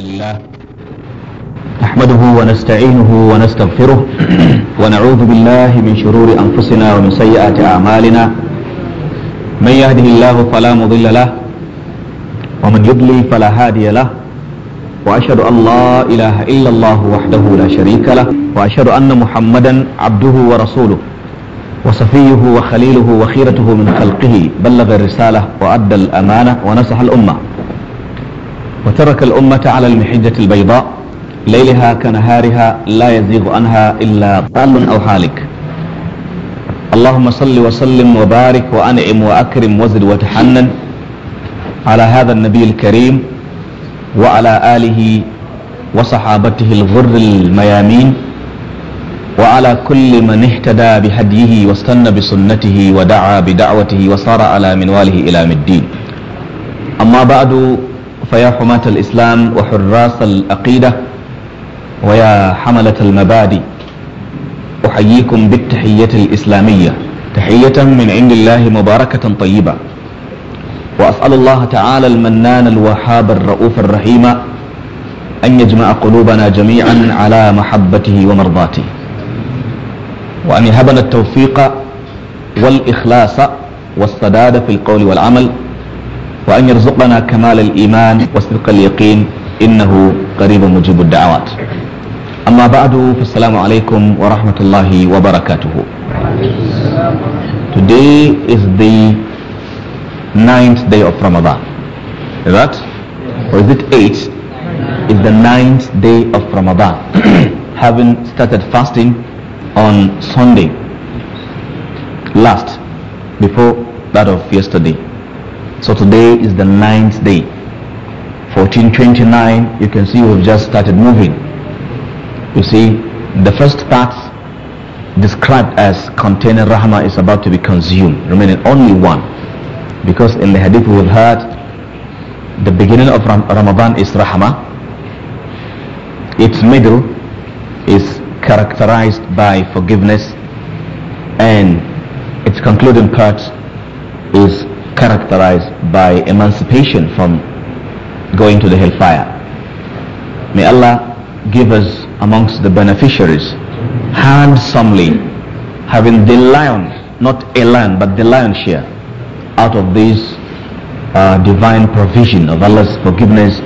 الحمد لله نحمده ونستعينه ونستغفره ونعوذ بالله من شرور أنفسنا ومن سيئات أعمالنا من يهده الله فلا مضل له ومن يضلل فلا هادي له وأشهد أن لا إله إلا الله وحده لا شريك له وأشهد أن محمدا عبده ورسوله وصفيه وخليله وخيرته من خلقه بلغ الرسالة وأدى الأمانة ونصح الأمة وترك الأمة على المحجة البيضاء ليلها كنهارها لا يزيغ عنها إلا ضال أو هالك اللهم صل وسلم وبارك وأنعم وأكرم وزد وتحنن على هذا النبي الكريم وعلى آله وصحابته الغر الميامين وعلى كل من اهتدى بهديه واستنى بسنته ودعا بدعوته وصار على منواله إلى مدين أما بعد فيا حماة الإسلام وحراس الأقيدة ويا حملة المبادئ أحييكم بالتحية الإسلامية تحية من عند الله مباركة طيبة وأسأل الله تعالى المنان الوهاب الرؤوف الرحيم أن يجمع قلوبنا جميعا على محبته ومرضاته وأن يهبنا التوفيق والإخلاص والسداد في القول والعمل وأن يرزقنا كمال الإيمان وصدق اليقين إنه قريب مجيب الدعوات أما بعد فالسلام عليكم ورحمة الله وبركاته Today is the ninth day of Ramadan Is that? Or is it eight? It's the ninth day of Ramadan Having started fasting on Sunday Last Before that of yesterday So today is the ninth day. 1429, you can see we've just started moving. You see, the first part described as containing rahma, is about to be consumed, remaining only one. Because in the hadith we've heard, the beginning of Ramadan is rahma. Its middle is characterized by forgiveness and its concluding part is characterized by emancipation from going to the hellfire. May Allah give us amongst the beneficiaries handsomely having the lion, not a lion, but the lion share out of this uh, divine provision of Allah's forgiveness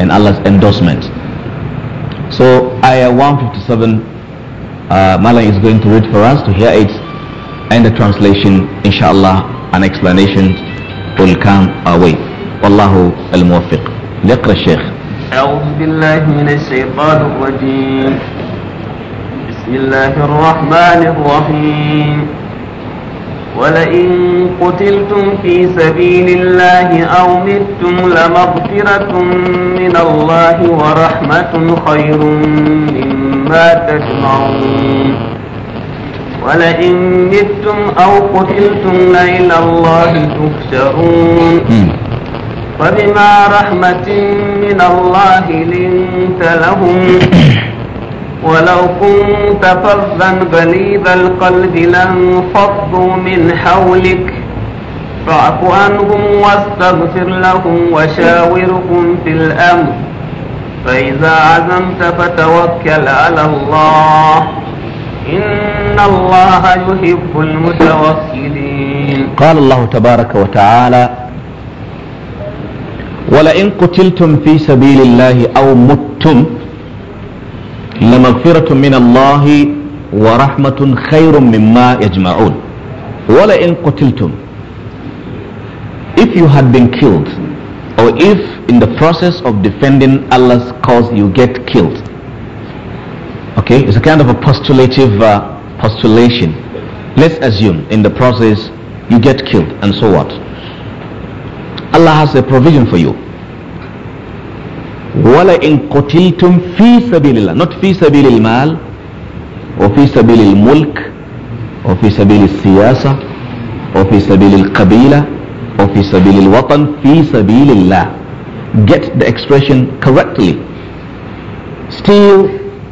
and Allah's endorsement. So Ayah 157, uh, is going to read for us to hear it and the translation, inshallah, and explanations will come our way والله الموفق يقرأ الشيخ أعوذ بالله من الشيطان الرجيم بسم الله الرحمن الرحيم ولئن قتلتم في سبيل الله أو متم لمغفرة من الله ورحمة خير مما تجمعون ولئن متم أو قتلتم لإلى الله تحشرون فبما رحمة من الله لنت لهم ولو كنت فظا غليظ القلب لانفضوا من حولك فاعف عنهم واستغفر لهم وشاورهم في الأمر فإذا عزمت فتوكل على الله إن الله يحب المتوكلين قال الله تبارك وتعالى ولئن قتلتم في سبيل الله أو متم لمغفرة من الله ورحمة خير مما يجمعون ولئن قتلتم if you had been killed or if in the process of defending Allah's cause you get killed Okay, it's a kind of a postulative uh, postulation. Let's assume in the process you get killed, and so what? Allah has a provision for you. وَلَئِن قُتِلْتُمْ فِي fi اللَّهِ Not or fi المال mulk, or fi وفي siyasa, or fi سبيل qabila, or fi الوطن watan, fi الله Get the expression correctly. Still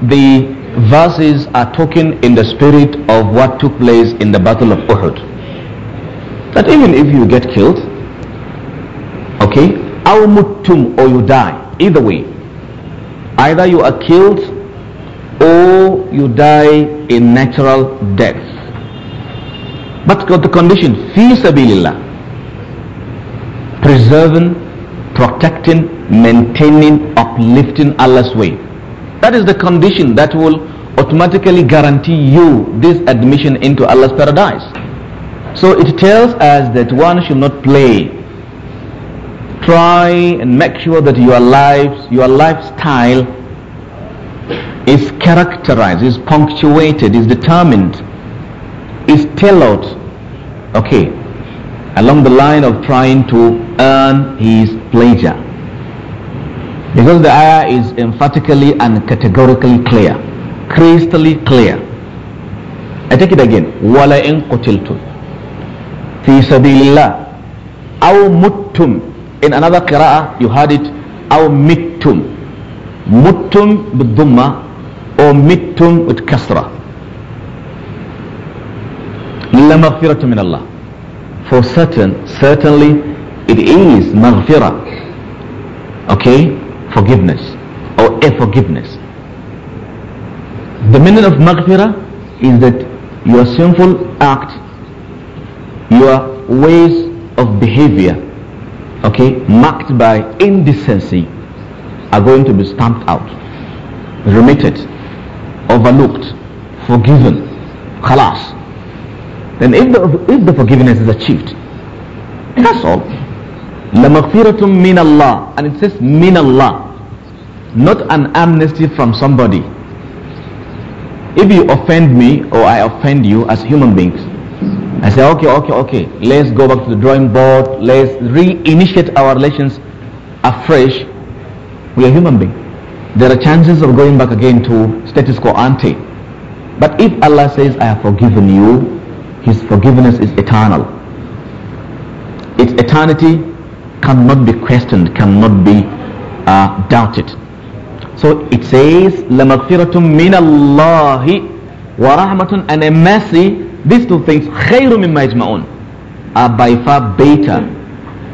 the verses are talking in the spirit of what took place in the battle of Uhud. That even if you get killed, okay, aw mutum or you die, either way, either you are killed or you die in natural death. But the condition, fi sabilillah, preserving, protecting, maintaining, uplifting Allah's way that is the condition that will automatically guarantee you this admission into Allah's paradise. So it tells us that one should not play. Try and make sure that your lives, your lifestyle is characterized, is punctuated, is determined, is tailored, okay, along the line of trying to earn his pleasure. Because the ayah is emphatically and categorically clear, crystally clear. I take it again. وَلَئِن قُتِلْتُمْ فِي سَبِيلِ اللَّهِ أَوْ مُتْتُمْ In another qira'ah, you heard it, أَوْ مِتْتُمْ مُتْتُمْ بِالضُّمَّة or مِتْتُمْ with kasra. لَمَغْفِرَةٌ min Allah. For certain, certainly, it is maghfirah. Okay? forgiveness or a forgiveness. The meaning of maghfirah is that your sinful act, your ways of behavior, okay, marked by indecency, are going to be stamped out, remitted, overlooked, forgiven, khalas. Then if the, if the forgiveness is achieved, that's all. لَمَغْفِرَةٌ مِّنَ Allah. And it says مِّنَ Allah. Not an amnesty from somebody. If you offend me or I offend you as human beings, I say, okay, okay, okay, let's go back to the drawing board. Let's reinitiate our relations afresh. We are human beings. There are chances of going back again to status quo ante. But if Allah says, I have forgiven you, His forgiveness is eternal. It's eternity cannot be questioned, cannot be uh, doubted. So it says, لَمَغْفِرَةٌ مِّنَ اللَّهِ وَرَحْمَةٌ and a mercy, these two things, خَيْرٌ مِمَّا يَجْمَعُونَ are by far better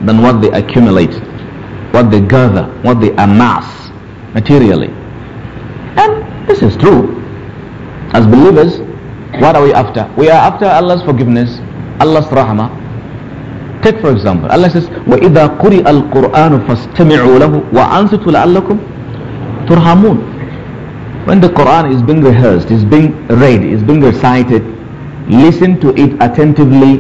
than what they accumulate, what they gather, what they amass materially. And this is true. As believers, what are we after? We are after Allah's forgiveness, Allah's rahmah, Take for example, Allah says, وَإِذَا قُرِئَ الْقُرْآنُ فَاسْتَمِعُوا لَهُ وَأَنْصِتُوا لَعَلَّكُمْ تُرْحَمُونَ When the Quran is being rehearsed, is being read, is being recited, listen to it attentively.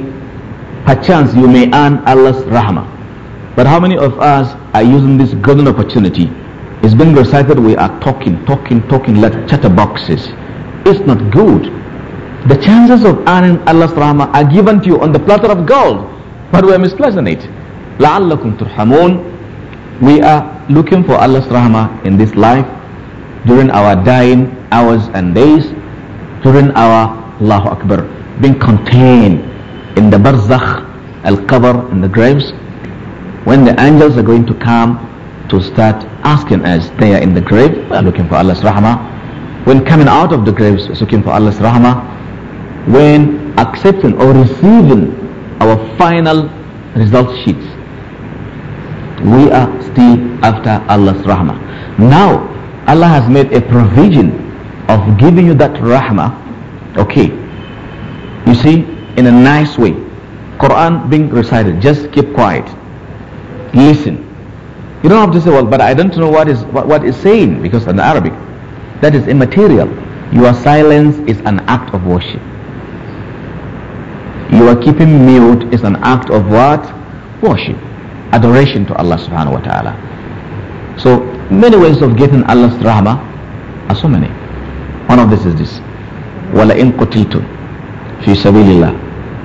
Perchance you may earn Allah's rahmah. But how many of us are using this golden opportunity? It's being recited, we are talking, talking, talking like chatterboxes. It's not good. The chances of earning Allah's rahmah are given to you on the platter of gold but we are misplacing it لعلكم ترحمون we are looking for Allah's rahmah in this life during our dying hours and days during our Allahu Akbar being contained in the barzakh al-qabr in the graves when the angels are going to come to start asking us they are in the grave we are looking for Allah's rahmah when coming out of the graves we are looking for Allah's rahmah when accepting or receiving our final result sheets. We are still after Allah's rahmah. Now, Allah has made a provision of giving you that rahmah. Okay. You see, in a nice way. Quran being recited. Just keep quiet. Listen. You don't have to say, well, but I don't know what is what, what is saying because in Arabic, that is immaterial. Your silence is an act of worship you are keeping mute is an act of what? Worship, adoration to Allah subhanahu wa ta'ala. So many ways of getting Allah's rahmah are so many. One of this is this. وَلَئِن قُتِلْتُمْ fi سَبِيلِ اللَّهِ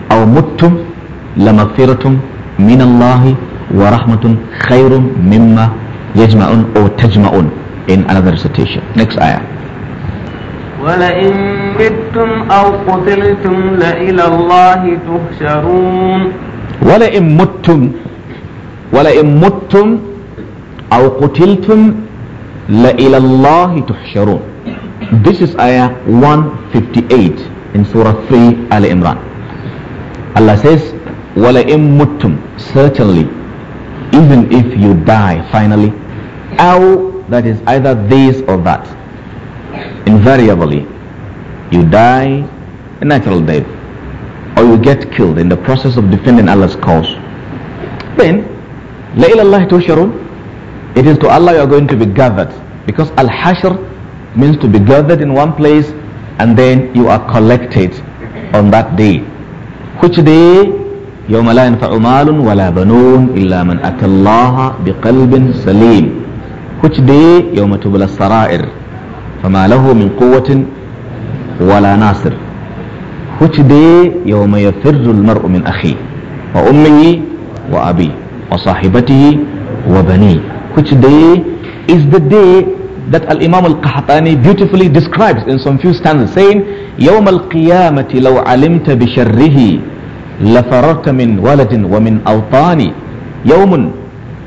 أَوْ مُتْتُمْ لَمَغْفِرَةٌ مِنَ اللَّهِ وَرَحْمَةٌ خَيْرٌ مِمَّا يَجْمَعُونَ or in another recitation. Next ayah. ولئن متم أو قتلتم لإلى الله تحشرون ولئن متم ولئن متم أو قتلتم لإلى الله تحشرون This is ayah 158 in Surah 3 Ali Imran. Allah says, وَلَئِن مُتُّمْ Certainly, even if you die finally, أو that is either this or that. invariably you die a natural death or you get killed in the process of defending Allah's cause then la ilaha tusharun it is to Allah you are going to be gathered because al-hashr means to be gathered in one place and then you are collected on that day which day يوم لا ينفع مال ولا بنون إلا من أتى الله بقلب سليم which day يوم تبلى السرائر فما له من قوة ولا ناصر which day يوم يفر المرء من أخي وأمي وأبي وصاحبته وبني which day is the day that الإمام القحطاني beautifully describes in some few stanzas saying يوم القيامة لو علمت بشره لفررت من ولد ومن أوطان يوم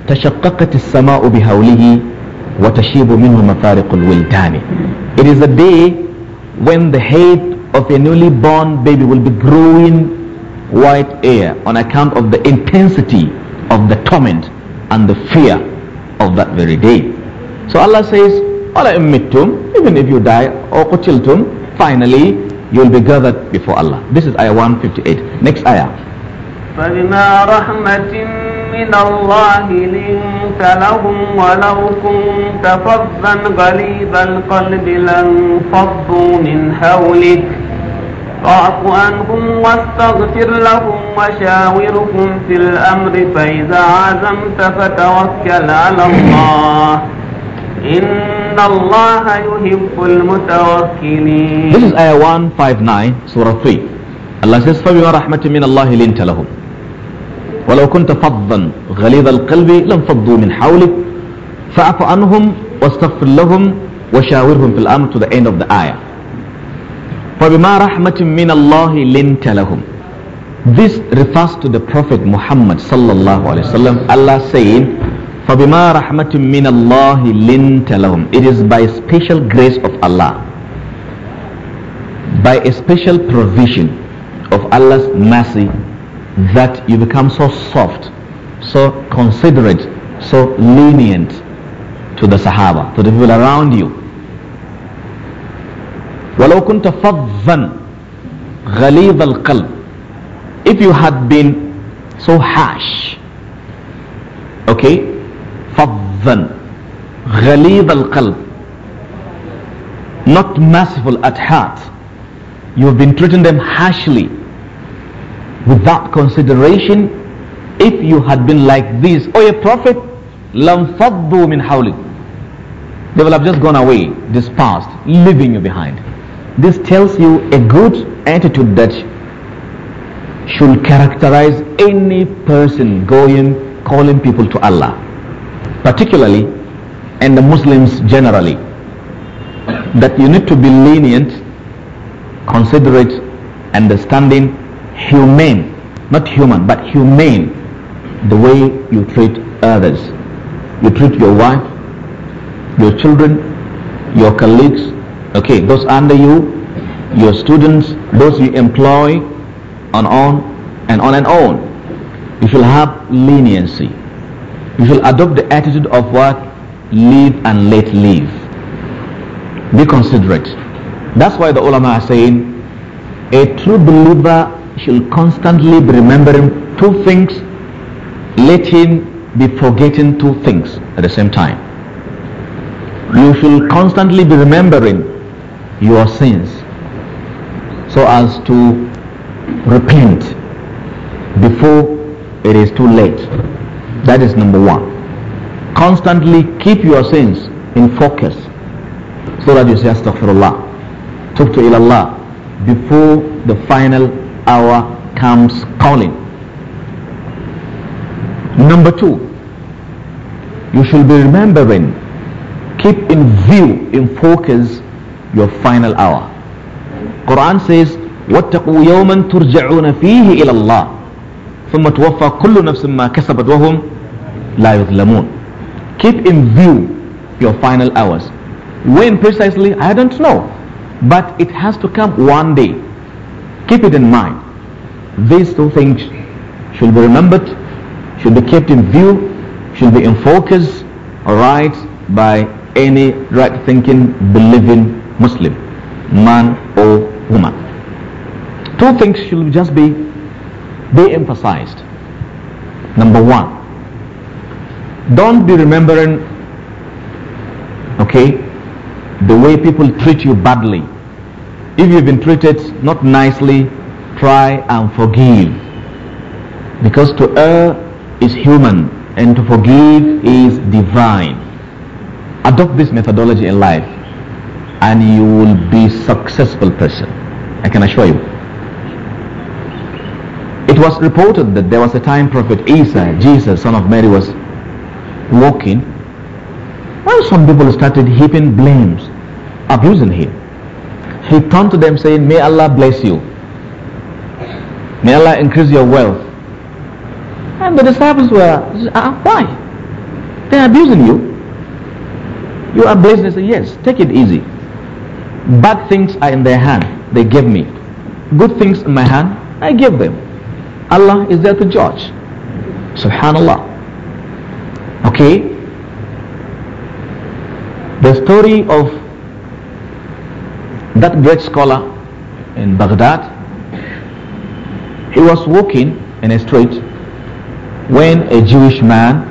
تشققت السماء بهوله It is a day when the head of a newly born baby will be growing white hair on account of the intensity of the torment and the fear of that very day. So Allah says, وَلَا إِمِّتْتُمْ Even if you die or قُتِلْتُمْ Finally, you will be gathered before Allah. This is ayah 158. Next ayah. من الله لنت لهم ولو كنت فظا غليظ القلب لانفضوا من حولك فاعف عنهم واستغفر لهم وشاورهم في الأمر فإذا عزمت فتوكل على الله إن الله يحب المتوكلين This is ayah 159 surah 3 Allah says فَبِمَا رَحْمَةٍ مِّنَ اللَّهِ لِنْتَ لَهُمْ ولو كنت فضا غليظ القلب لم فضوا من حولك فاعف عنهم واستغفر لهم وشاورهم في الأمر to the end of the ayah فبما رحمة من الله لنت لهم This refers to the Prophet Muhammad sallallahu alaihi wasallam. Allah saying, "فبما رحمة من الله لنت لهم." It is by special grace of Allah, by a special provision of Allah's mercy that you become so soft, so considerate, so lenient to the Sahaba, to the people around you. ولو كنت فظا غليظ القلب if you had been so harsh okay فظا غليظ القلب not merciful at heart you've been treating them harshly without consideration if you had been like this or oh, a prophet لَنْفَضُّوا min حَوْلِكَ They will have just gone away, dispersed, leaving you behind. This tells you a good attitude that should characterize any person going, calling people to Allah, particularly and the Muslims generally, that you need to be lenient, considerate, understanding, humane, not human, but humane, the way you treat others. You treat your wife, your children, your colleagues, okay, those under you, your students, those you employ, and on and on and on. You shall have leniency. You shall adopt the attitude of what? Live and let live. Be considerate. That's why the ulama are saying a true believer should constantly be remembering two things, let him be forgetting two things at the same time. You should constantly be remembering your sins so as to repent before it is too late. That is number one. Constantly keep your sins in focus so that you say astaghfirullah, talk to Allah before the final hour comes calling. Number two, you should be remembering, keep in view, in focus, your final hour. Quran says, واتقوا يوما ترجعون فيه إلى الله ثم توفى كل نفس ما كسبت وهم لا يظلمون keep in view your final hours when precisely I don't know but it has to come one day Keep it in mind. These two things should be remembered, should be kept in view, should be in focus, alright, by any right thinking, believing Muslim, man or woman. Two things should just be be emphasized. Number one, don't be remembering okay the way people treat you badly if you've been treated not nicely, try and forgive. Because to err is human and to forgive is divine. Adopt this methodology in life and you will be successful person. I can assure you. It was reported that there was a time Prophet Isa, Jesus, son of Mary, was walking. when some people started heaping blames, abusing him he turned to them saying, May Allah bless you. May Allah increase your wealth. And the disciples were, ah, why? They're abusing you. You are blessed. They say, yes, take it easy. Bad things are in their hand. They gave me. Good things in my hand, I give them. Allah is there to judge. Subhanallah. Okay? The story of that great scholar in Baghdad, he was walking in a street when a Jewish man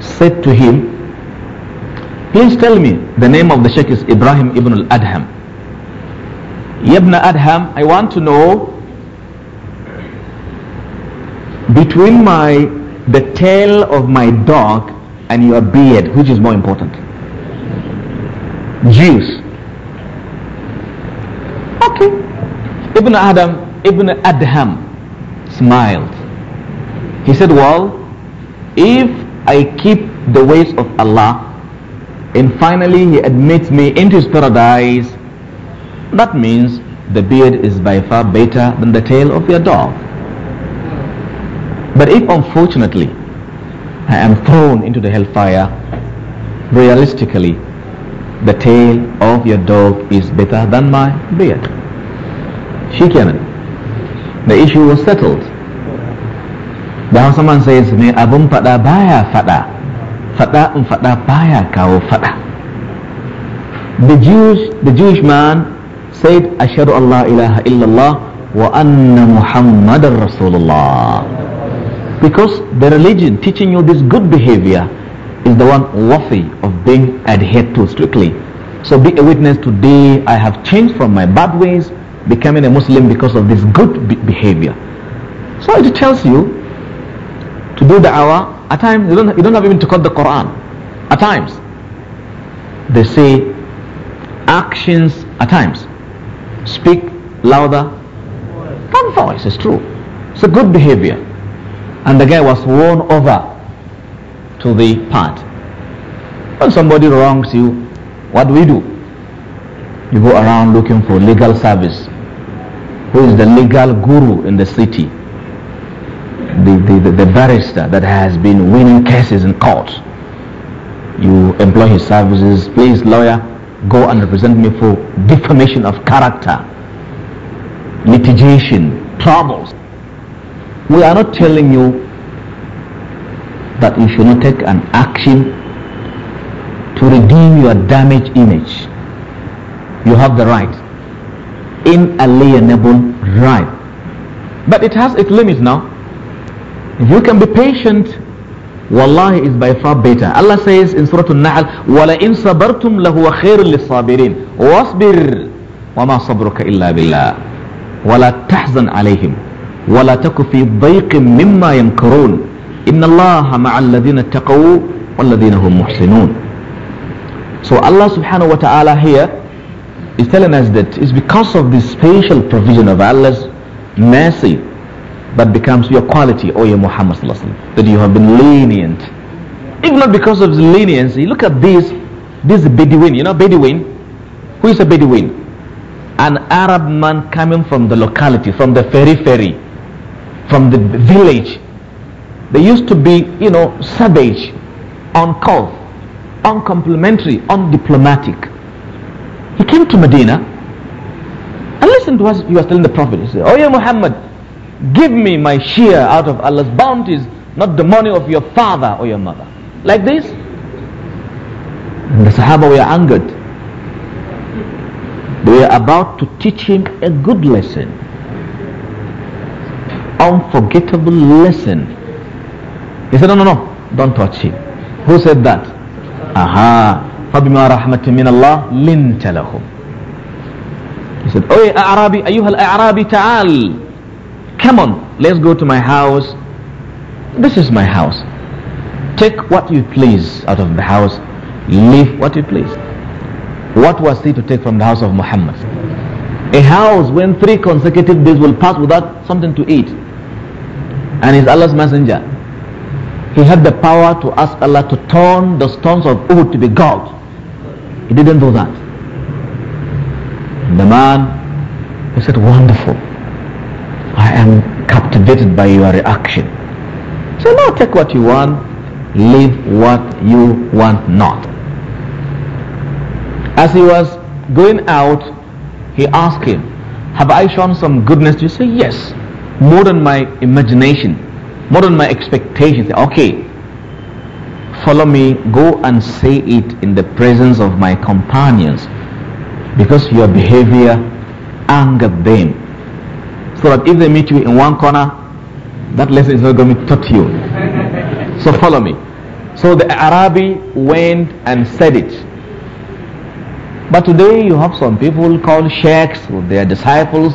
said to him, Please tell me the name of the Sheikh is Ibrahim ibn al Adham. Ibn Adham, I want to know between my the tail of my dog and your beard, which is more important? Jews Ibn Adam, Ibn Adham smiled. He said, well, if I keep the ways of Allah and finally he admits me into his paradise, that means the beard is by far better than the tail of your dog. But if unfortunately I am thrown into the hellfire, realistically, the tail of your dog is better than my beard shikenan the issue was settled The hausa says mai abin fada baya fada fada fada baya kawo fada the jews the jewish man said ashhadu an la ilaha illallah wa anna muhammadar rasulullah because the religion teaching you this good behavior is the one worthy of being adhered to strictly so be a witness today i have changed from my bad ways becoming a Muslim because of this good be behavior. So it tells you to do the hour. At times, you don't, you don't have even to quote the Quran. At times, they say actions at times speak louder than voice. It's true. It's a good behavior. And the guy was won over to the part. When somebody wrongs you, what do we do? You go around looking for legal service who is the legal guru in the city, the, the, the, the barrister that has been winning cases in court. You employ his services, please lawyer, go and represent me for defamation of character, litigation, troubles. We are not telling you that you should not take an action to redeem your damaged image. You have the right inalienable right. But it has its limits now. You can be patient. Wallahi is by far better. Allah says in Surah Al-Na'al, وَلَئِن صَبَرْتُمْ لَهُوَ خَيْرٌ لِلصَّابِرِينَ وَاصْبِرْ وَمَا صَبْرُكَ إِلَّا بِاللَّهِ وَلَا تَحْزَنْ عَلَيْهِمْ وَلَا تَكُ فِي ضَيْقٍ مِّمَّا يَمْكَرُونَ إِنَّ اللَّهَ مَعَ الَّذِينَ اتَّقَوْا وَالَّذِينَ هُمْ مُحْسِنُونَ So Allah subhanahu wa ta'ala here is telling us that it's because of the special provision of Allah's mercy that becomes your quality, O oh, your Muhammad that you have been lenient. If not because of the leniency, look at this, this Bedouin, you know Bedouin? Who is a Bedouin? An Arab man coming from the locality, from the periphery, from the village. They used to be, you know, savage, uncouth, uncomplimentary, undiplomatic. He came to Medina and listened to what he was telling the Prophet. He said, Oh, yeah, Muhammad, give me my share out of Allah's bounties, not the money of your father or your mother. Like this. And the Sahaba were angered. They were about to teach him a good lesson, unforgettable lesson. He said, No, no, no, don't touch him. Who said that? Aha. فبما رحمة من الله لنت لهم He said, Oy oh, A'rabi, Ayuhal A'rabi Ta'al. Come on, let's go to my house. This is my house. Take what you please out of the house. Leave what you please. What was he to take from the house of Muhammad? A house when three consecutive days will pass without something to eat. And he's Allah's messenger. He had the power to ask Allah to turn the stones of Uhud to be gold. He didn't do that. The man, he said, wonderful. I am captivated by your reaction. So now take what you want, leave what you want not. As he was going out, he asked him, Have I shown some goodness? You say, Yes, more than my imagination, more than my expectations. Okay, follow me go and say it in the presence of my companions because your behavior angered them so that if they meet you in one corner that lesson is not going to touch you so follow me so the arabi went and said it but today you have some people called sheikhs their disciples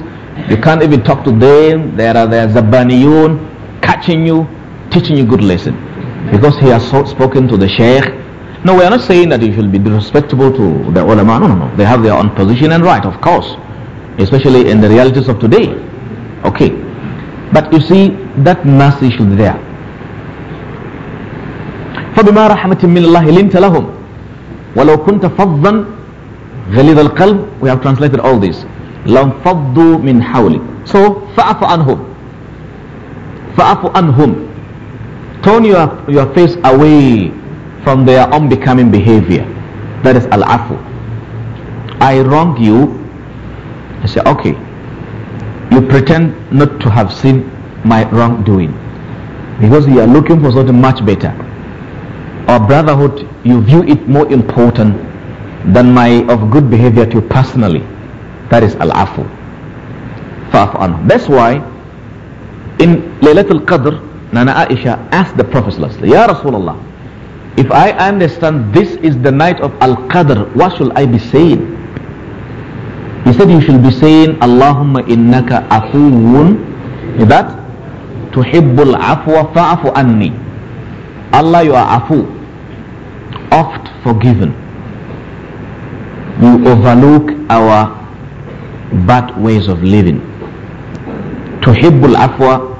you can't even talk to them there are the zabaniyun catching you teaching you good lesson because he has so spoken to the sheikh. No, we are not saying that you should be disrespectful to the ulama. No, no, no. They have their own position and right, of course, especially in the realities of today. Okay. But you see, that mercy should be there. فبما رحمة من الله لنت لهم ولو كنت فظا غليظ القلب we have translated all this لانفضوا من حولك so فاعف عنهم فاعف عنهم turn your, your face away from their unbecoming behavior. That is al-afu. I wrong you. I say, okay. You pretend not to have seen my wrongdoing because you are looking for something much better. Or brotherhood, you view it more important than my of good behavior to you personally. That is al-afu. That's why in Laylatul Qadr, Nana Aisha asked the Prophet Ya Rasulullah, if I understand this is the night of Al-Qadr, what shall I be saying? He said you should be saying Allahumma innaka afuun that tuhibbul afwa fa'afu anni Allah you are afu oft forgiven you overlook our bad ways of living tuhibbul afwa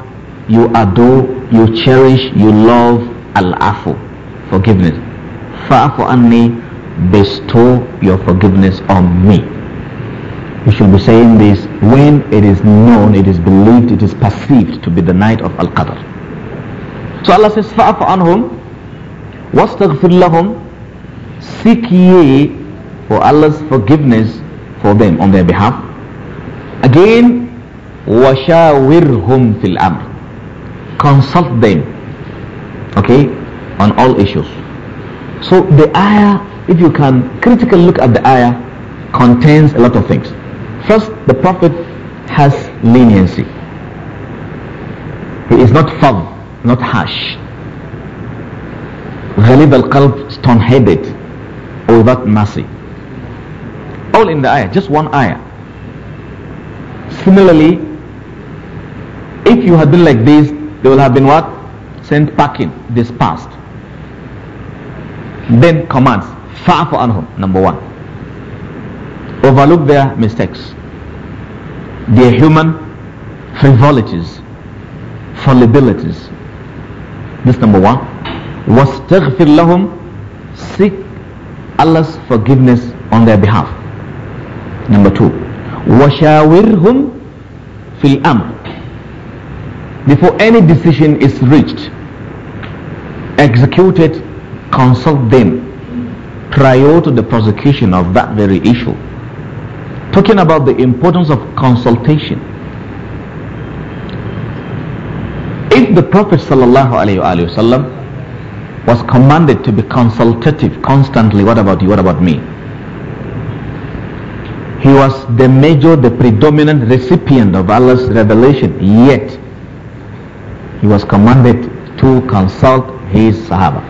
you adore, you cherish, you love Al-Afu, forgiveness. Fa'afu anni, bestow your forgiveness on me. You should be saying this when it is known, it is believed, it is perceived to be the night of Al-Qadr. So Allah says, فَعَفُ عَنْهُمْ وَاسْتَغْفِرْ lahum Seek ye for Allah's forgiveness for them on their behalf. Again, washa-wir-hum fil amr consult them okay on all issues so the ayah if you can critically look at the ayah contains a lot of things first the prophet has leniency he is not firm not harsh غليظ القلب stone-headed or without mercy all in the ayah just one ayah similarly if you had been like this they will have been what? Sent packing, dispersed. Then commands, fa'fu anhum, number one. Overlook their mistakes, their human frivolities, fallibilities. This number one. Wastaghfir lahum, seek Allah's forgiveness on their behalf. Number two. Washawirhum fil amr before any decision is reached executed consult them prior to the prosecution of that very issue talking about the importance of consultation if the prophet sallallahu was commanded to be consultative constantly what about you what about me he was the major the predominant recipient of allah's revelation yet he was commanded to consult his Sahaba.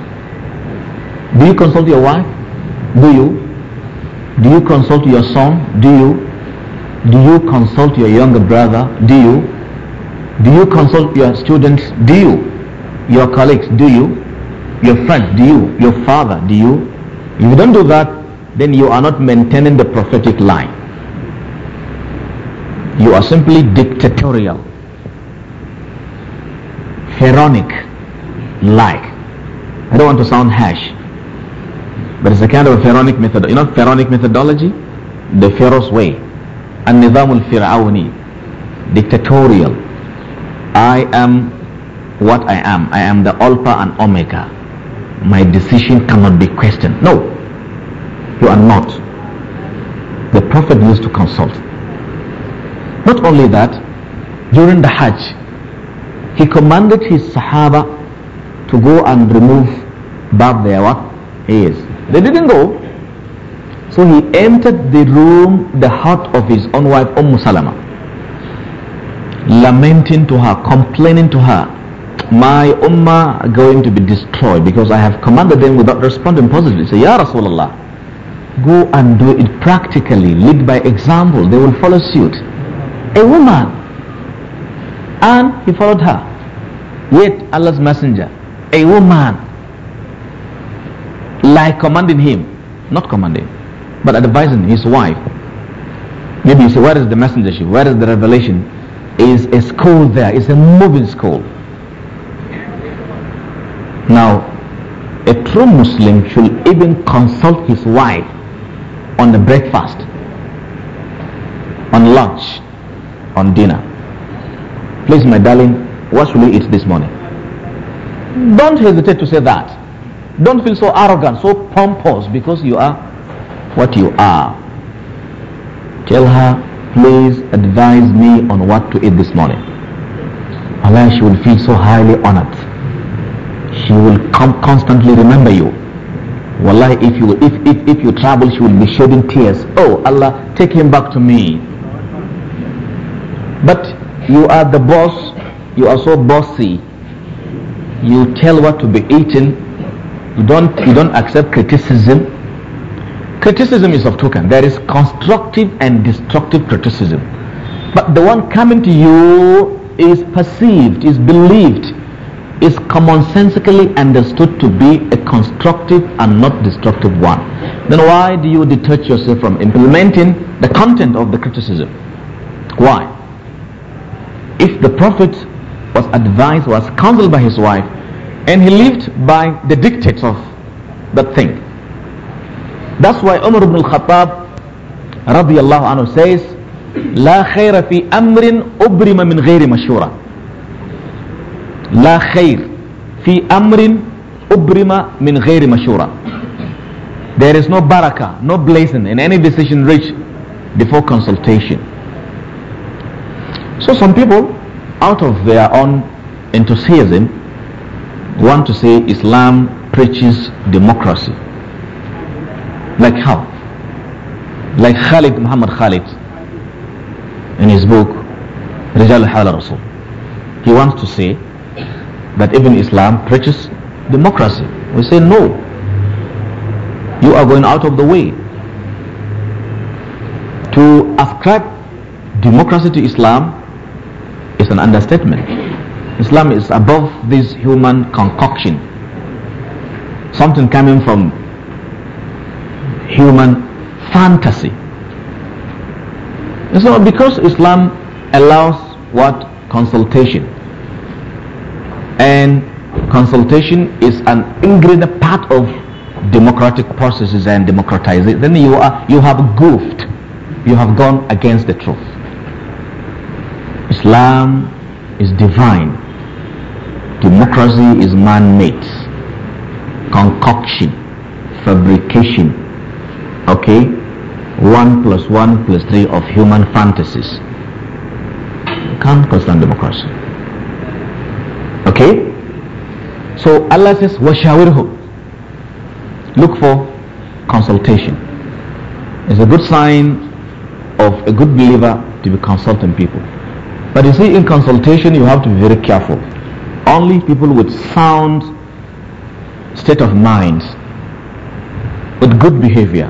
Do you consult your wife? Do you? Do you consult your son? Do you? Do you consult your younger brother? Do you? Do you consult your students? Do you? Your colleagues? Do you? Your friends? Do you? Your father? Do you? If you don't do that, then you are not maintaining the prophetic line. You are simply dictatorial pharaonic like. I don't want to sound harsh, but it's a kind of a pharaonic method. You know pharaonic methodology? The Pharaoh's way. and nizamul firauni Dictatorial. I am what I am. I am the Alpha and Omega. My decision cannot be questioned. No, you are not. The Prophet used to consult. Not only that, during the Hajj, he commanded his Sahaba to go and remove bath their what? Ears. They didn't go. So he entered the room, the heart of his own wife, Umm Salama, lamenting to her, complaining to her, my ummah are going to be destroyed because I have commanded them without responding positively. Say, Ya Rasulullah, go and do it practically, lead by example. They will follow suit. A woman and he followed her. Yet Allah's messenger, a woman, like commanding him, not commanding, but advising his wife. Maybe you say, where is the messengership? Where is the revelation? Is a school there? It's a moving school. Now, a true Muslim should even consult his wife on the breakfast, on lunch, on dinner. Please, my darling, what will you eat this morning? Don't hesitate to say that. Don't feel so arrogant, so pompous because you are what you are. Tell her, please advise me on what to eat this morning. Allah, she will feel so highly honored. She will com- constantly remember you. Wallahi, if you if, if if you travel, she will be shedding tears. Oh Allah, take him back to me. But you are the boss. You are so bossy. You tell what to be eaten. You don't, you don't accept criticism. Criticism is of token. There is constructive and destructive criticism. But the one coming to you is perceived, is believed, is commonsensically understood to be a constructive and not destructive one. Then why do you detach yourself from implementing the content of the criticism? Why? if the Prophet was advised, was counseled by his wife, and he lived by the dictates of that thing. That's why Umar ibn al-Khattab radiallahu anhu says, لا خير في أمر أبرم من غير مشورة لا خير في أمر أبرم من غير مشورة There is no barakah, no blessing in any decision reached before consultation. So some people, out of their own enthusiasm, want to say Islam preaches democracy. Like how? Like Khalid Muhammad Khalid in his book Rijal al Rasul. He wants to say that even Islam preaches democracy. We say no. You are going out of the way. To ascribe democracy to Islam is an understatement. Islam is above this human concoction. Something coming from human fantasy. And so because Islam allows what? Consultation. And consultation is an ingredient part of democratic processes and democratizing, Then you are you have goofed. You have gone against the truth. Islam is divine. Democracy is man-made. Concoction. Fabrication. Okay? One plus one plus three of human fantasies. can't understand democracy. Okay? So Allah says, وَشَاوِرْهُمْ Look for consultation. It's a good sign of a good believer to be consulting people. But you see, in consultation, you have to be very careful. Only people with sound state of mind, with good behavior,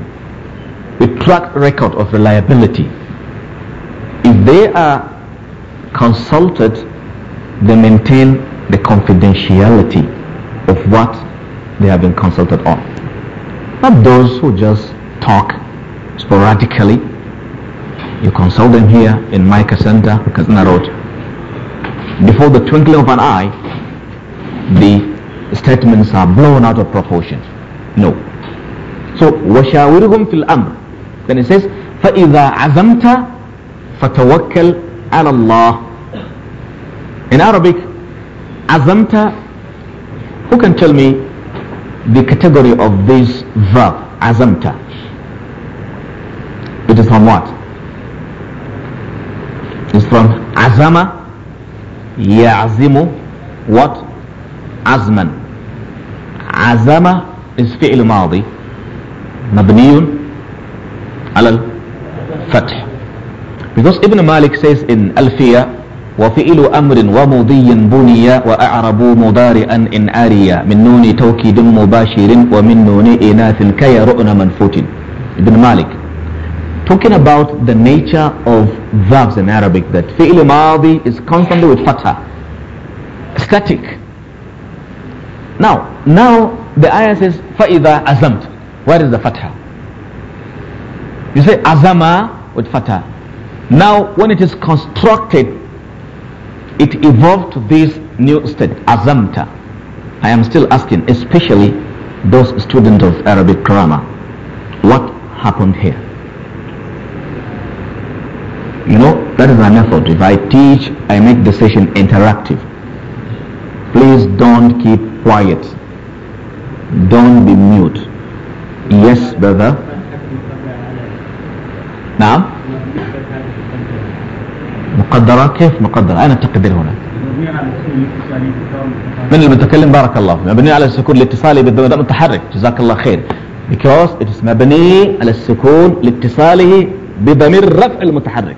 with track record of reliability, if they are consulted, they maintain the confidentiality of what they have been consulted on. Not those who just talk sporadically you consult them here in Micah Center, Kazna Road. Before the twinkling of an eye, the statements are blown out of proportion. No. So, وَشَاوِرْهُمْ فِي الْأَمْرِ Then it says, فَإِذَا عَزَمْتَ فَتَوَكَّلْ عَلَى اللَّهِ In Arabic, azamta who can tell me the category of this verb, azamta? It is from what? from عزم يعزم what عزما عزم is فعل ماضي مبني على الفتح because Ibn Malik says in Alfiya وفعل أمر ومضي بني وأعرب مضارعا إن أريا من نون توكيد مباشر ومن نون إناث كيرؤن منفوت ابن مالك talking about the nature of verbs in Arabic that fi'l madi is constantly with fatha static now now the ayah says fa'idha azamt where is the fatha you say azama with fatha now when it is constructed it evolved to this new state azamta I am still asking especially those students of Arabic grammar what happened here You know, that is my method. If I teach, I make the session interactive. Please don't keep quiet. Don't be mute. Yes, brother. نعم مقدرة كيف مقدرة أين التقدير هنا من المتكلم بارك الله مبني على السكون الاتصالي بالضم المتحرك جزاك الله خير because it is مبني على السكون لاتصاله بضمير الرفع المتحرك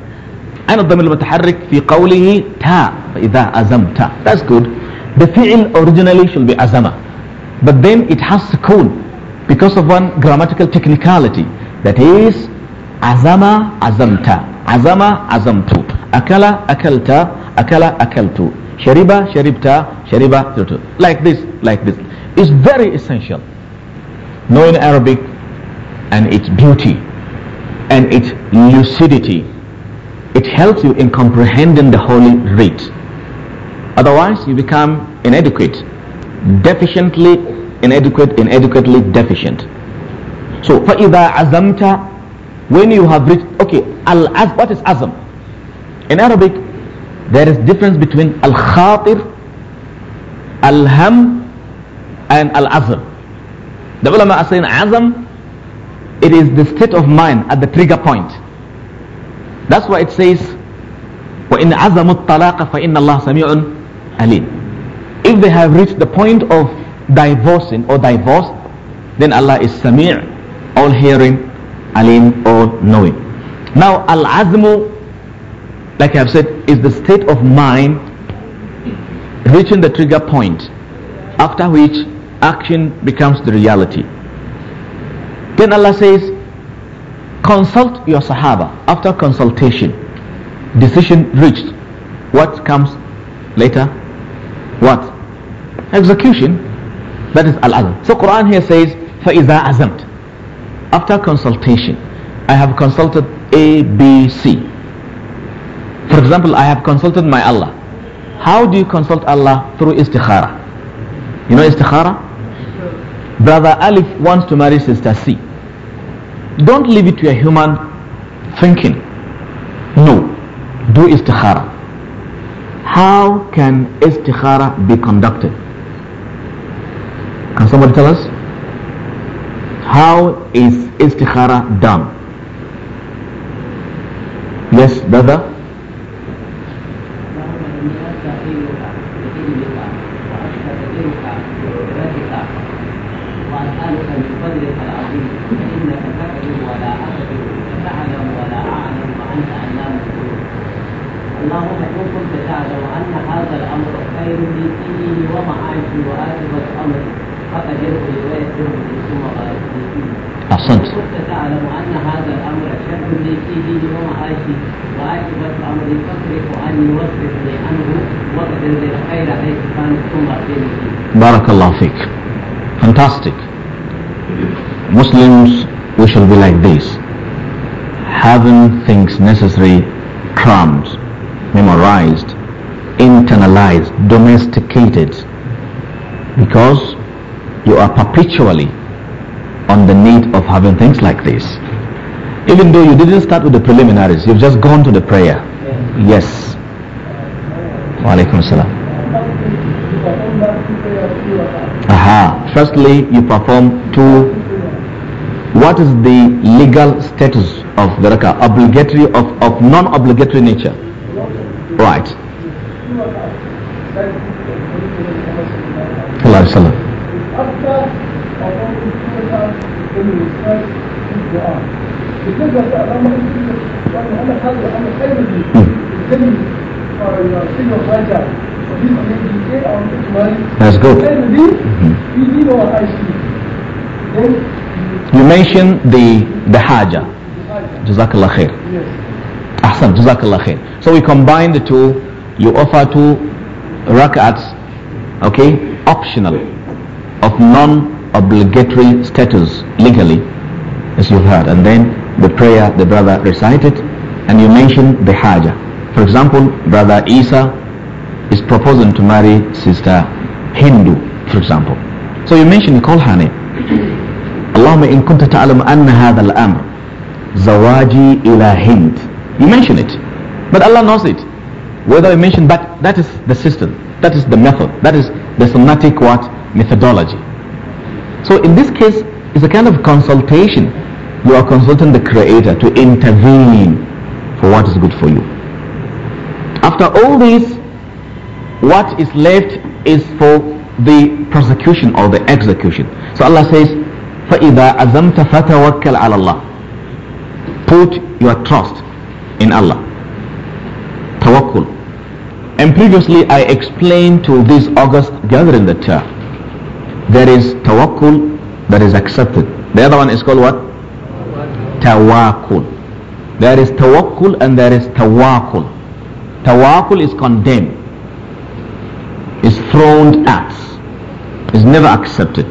أين الضمير المتحرك في قوله تا فإذا أزمت that's good the fi'l originally should be azama but then it has sukun because of one grammatical technicality that is azama azamta azama azamtu akala akalta akala akaltu shariba sharibta shariba tutu like this like this It's very essential knowing arabic and its beauty and its lucidity it helps you in comprehending the Holy Writ. Otherwise, you become inadequate, deficiently inadequate, inadequately deficient. So, فَإِذَا عَزَمْتَ When you have reached, okay, al -az, what is azam? In Arabic, there is difference between al-khatir, al-ham, and al-azam. The ulama are saying azam, it is the state of mind at the trigger point that's why it says, وَإِنْ عَزَمُوا الطَّلَاقَ فَإِنَّ اللَّهَ سَمِيعٌ عَلِيمٌ If they have reached the point of divorcing or divorce, then Allah is Sami' all-hearing, Alim, all-knowing. Now, Al-Azmu, like I have said, is the state of mind reaching the trigger point after which action becomes the reality. Then Allah says, consult your Sahaba after consultation. Decision reached. What comes later? What? Execution. That is al-azam. So Quran here says, فَإِذَا azamt. After consultation, I have consulted A, B, C. For example, I have consulted my Allah. How do you consult Allah? Through istikhara. You know istikhara? Brother Alif wants to marry sister C. Don't leave it to a human thinking. No. Do istikhara. How can istikhara be conducted? Can somebody tell us? How is istikhara done? Yes, brother? أحسنت بارك الله فيك Fantastic. Muslims, we shall be like this. Having things necessary, crammed, memorized, internalized, domesticated, because you are perpetually on the need of having things like this. Even though you didn't start with the preliminaries, you've just gone to the prayer. Yes. Wa alaikum salam. Aha. Firstly, you perform two. What is the legal status of the rakah? Obligatory of, of non-obligatory nature. Right. Allah salam. بالنسبه للامر انا حاضر You mentioned the the haja. Jazakallah khair. Yes. Ahsan, Jazakallah khair. So we combine the two. You offer two rak'ats, okay, optional of non obligatory status legally, as you've heard. And then the prayer the brother recited, and you mentioned the Hajj. For example, brother Isa is proposing to marry sister Hindu, for example. So you mentioned, you call in name. اللهم anna كنت تعلم أن هذا الأمر زواجي You mention it. But Allah knows it. Whether you mention, but that is the system. That is the method. That is the somatic what? Methodology. So in this case, it's a kind of consultation. You are consulting the Creator to intervene for what is good for you. After all this, what is left is for the prosecution or the execution. So Allah says, فَإِذَا أَزَمْتَ فَتَوَكَّلْ عَلَى اللَّهِ Put your trust in Allah. Tawakkul. And previously I explained to this August gathering that uh, there is tawakkul that is accepted. The other one is called what? Tawakkul. There is tawakkul and there is tawakkul. Tawakkul is condemned, is thrown at, is never accepted.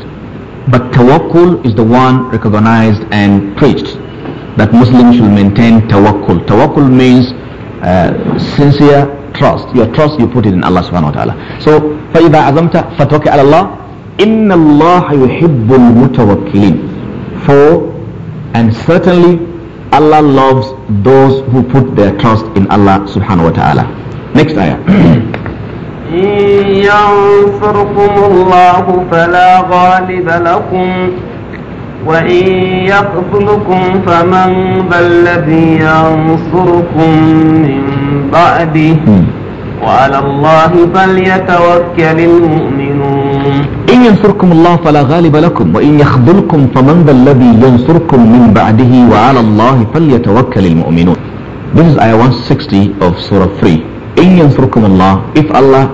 But tawakkul is the one recognized and preached that Muslims should maintain tawakkul. Tawakkul means uh, sincere trust. Your trust you put it in Allah subhanahu wa ta'ala. So فَإِذَا عَزَمْتَ فَتَوَكِّلْ عَلَى اللَّهِ إن Allah يحب المتوكلين for and certainly Allah loves those who put their trust in Allah subhanahu wa ta'ala next ayah ينصركم الله فلا غالب لكم وإن يقتلكم فمن ذا الذي ينصركم من بعده hmm. وعلى الله فليتوكل المؤمنين ينصركم الله فلا غالب لكم وإن يخذلكم فمن ذا الذي ينصركم من بعده وعلى الله فليتوكل المؤمنون This is ayah 160 of surah 3 إن ينصركم الله If Allah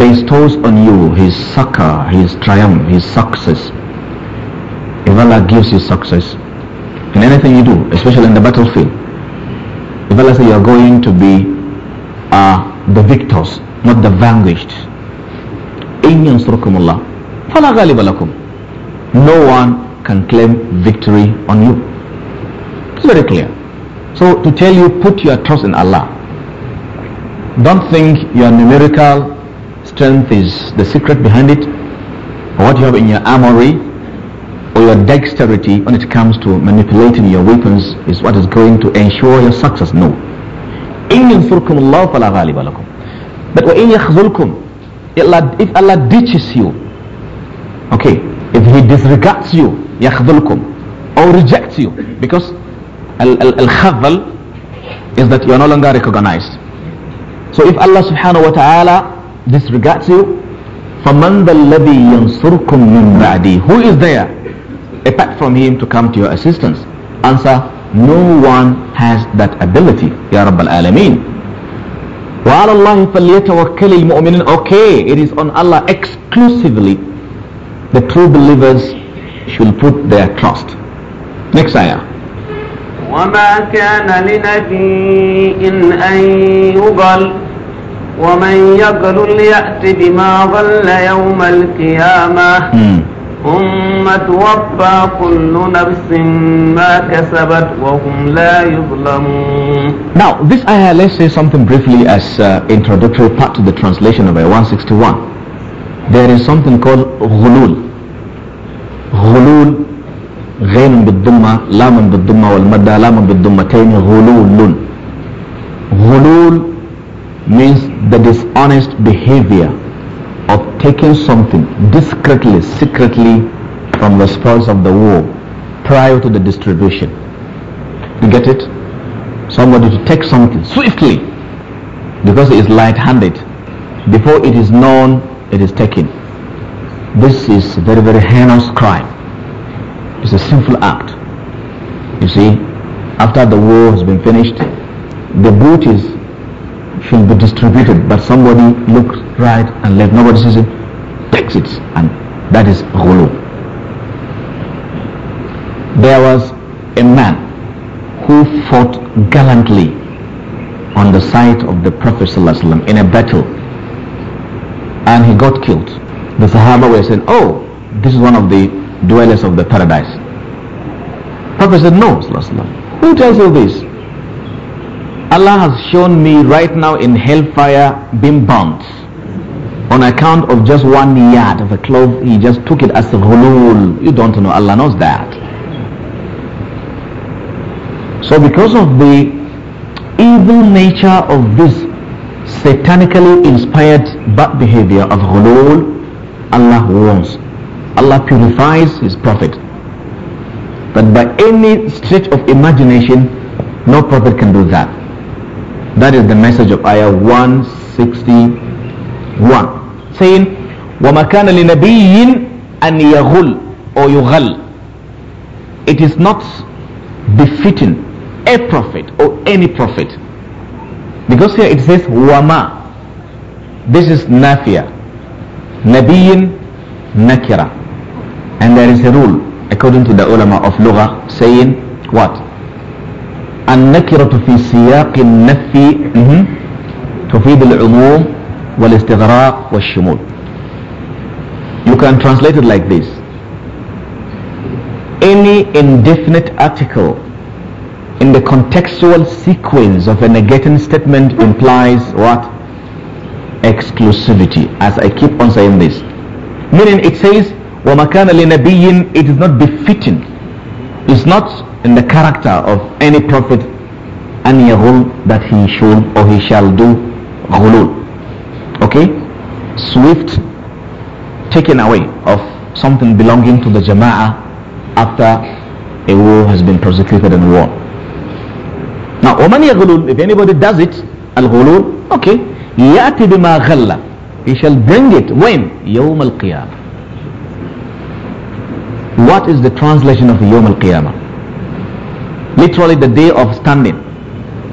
bestows on you his succor, his triumph, his success If Allah gives you success in anything you do, especially in the battlefield If Allah says you are going to be uh, the victors, not the vanquished إن ينصركم الله No one can claim victory on you. It's very clear. So to tell you, put your trust in Allah. Don't think your numerical strength is the secret behind it, or what you have in your armory, or your dexterity when it comes to manipulating your weapons is what is going to ensure your success. No. But if Allah ditches you, Okay, if he disregards you, يخذلكم, or rejects you, because al-khadhal is that you are no longer recognized. So if Allah subhanahu wa ta'ala disregards you, فَمَنْ ذَا الَّذِي يَنْصُرْكُم مِّن بَعْدِي Who is there apart from him to come to your assistance? Answer, no one has that ability, Ya Rabbal Alameen. وعلى الله فليتوكل المؤمنين okay it is on Allah exclusively the true believers should put their trust. Next ayah. وما كان لنبي أن ومن يأت بما يوم القيامة hmm. ثم توفى كل نفس ما كسبت وهم لا يظلمون Now this ayah let's say something briefly as uh, introductory part to the translation of ayah 161 there is something called غلول غلول غين بالضمة لام بالضمة والمدة لام بالضمتين غلول غلول means the dishonest behavior of taking something discreetly, secretly from the spoils of the war prior to the distribution. You get it? Somebody to take something swiftly because he is light-handed before it is known it is taken. This is very, very heinous crime. It's a sinful act. You see, after the war has been finished, the booty should be distributed, but somebody looks right and left. Nobody sees it, takes it, and that is rolo. There was a man who fought gallantly on the side of the Prophet ﷺ in a battle and he got killed. The Sahaba were saying, oh, this is one of the dwellers of the paradise. Prophet said, no, who tells you this? Allah has shown me right now in hellfire being burnt on account of just one yard of a cloth. He just took it as a ghulul. You don't know. Allah knows that. So because of the evil nature of this satanically inspired bad behavior of ghulul, Allah warns. Allah purifies His Prophet. But by any stretch of imagination, no Prophet can do that. That is the message of Ayah 161, saying, وَمَا كَانَ لِنَبِيٍّ أَنْ يَغُلْ or يُغَلْ It is not befitting a prophet or any prophet because here it says wama. This is nafia. Nabiyin nakira. And there is a rule according to the ulama of lugha saying what? النكرة في سياق النفي تفيد العموم والاستغراق والشمول. You can translate it like this. Any indefinite article in the contextual sequence of a negating statement implies what? Exclusivity, as I keep on saying this. Meaning it says, وَمَكَانَ لِنَبِيٍّ It is not befitting. It's not in the character of any prophet any role that he should or he shall do غلول. Okay? Swift taking away of something belonging to the Jama'ah after a war has been prosecuted and won. Now, وَمَنْ يَغْلُونَ If anybody does it, الْغُلُونَ Okay. يَأْتِ بِمَا He shall bring it. When? al Qiyamah. What is the translation of al Qiyamah? Literally the day of standing.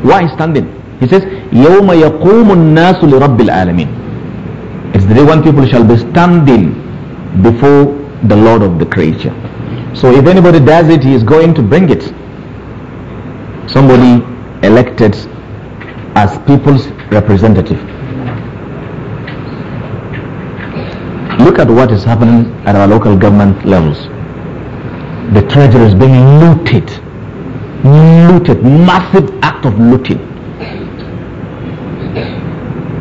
Why standing? He says, يَوْمَ يَقُومُ النَّاسُ It's the day when people shall be standing before the Lord of the creature. So if anybody does it, he is going to bring it. Somebody elected as people's representative. Look at what is happening at our local government levels. The treasury is being looted, looted, massive act of looting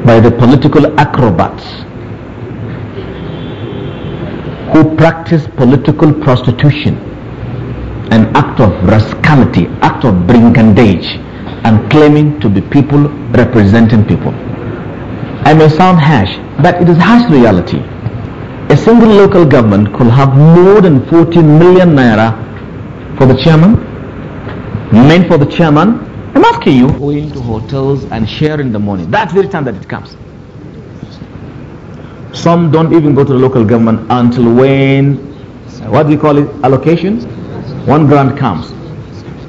by the political acrobats who practice political prostitution, an act of rascality, act of brigandage and claiming to be people representing people. I may sound harsh, but it is harsh reality. A single local government could have more than 40 million naira for the chairman, meant for the chairman. I'm asking you, going to hotels and sharing the money. That's the time that it comes. Some don't even go to the local government until when, what do you call it, allocation? One grant comes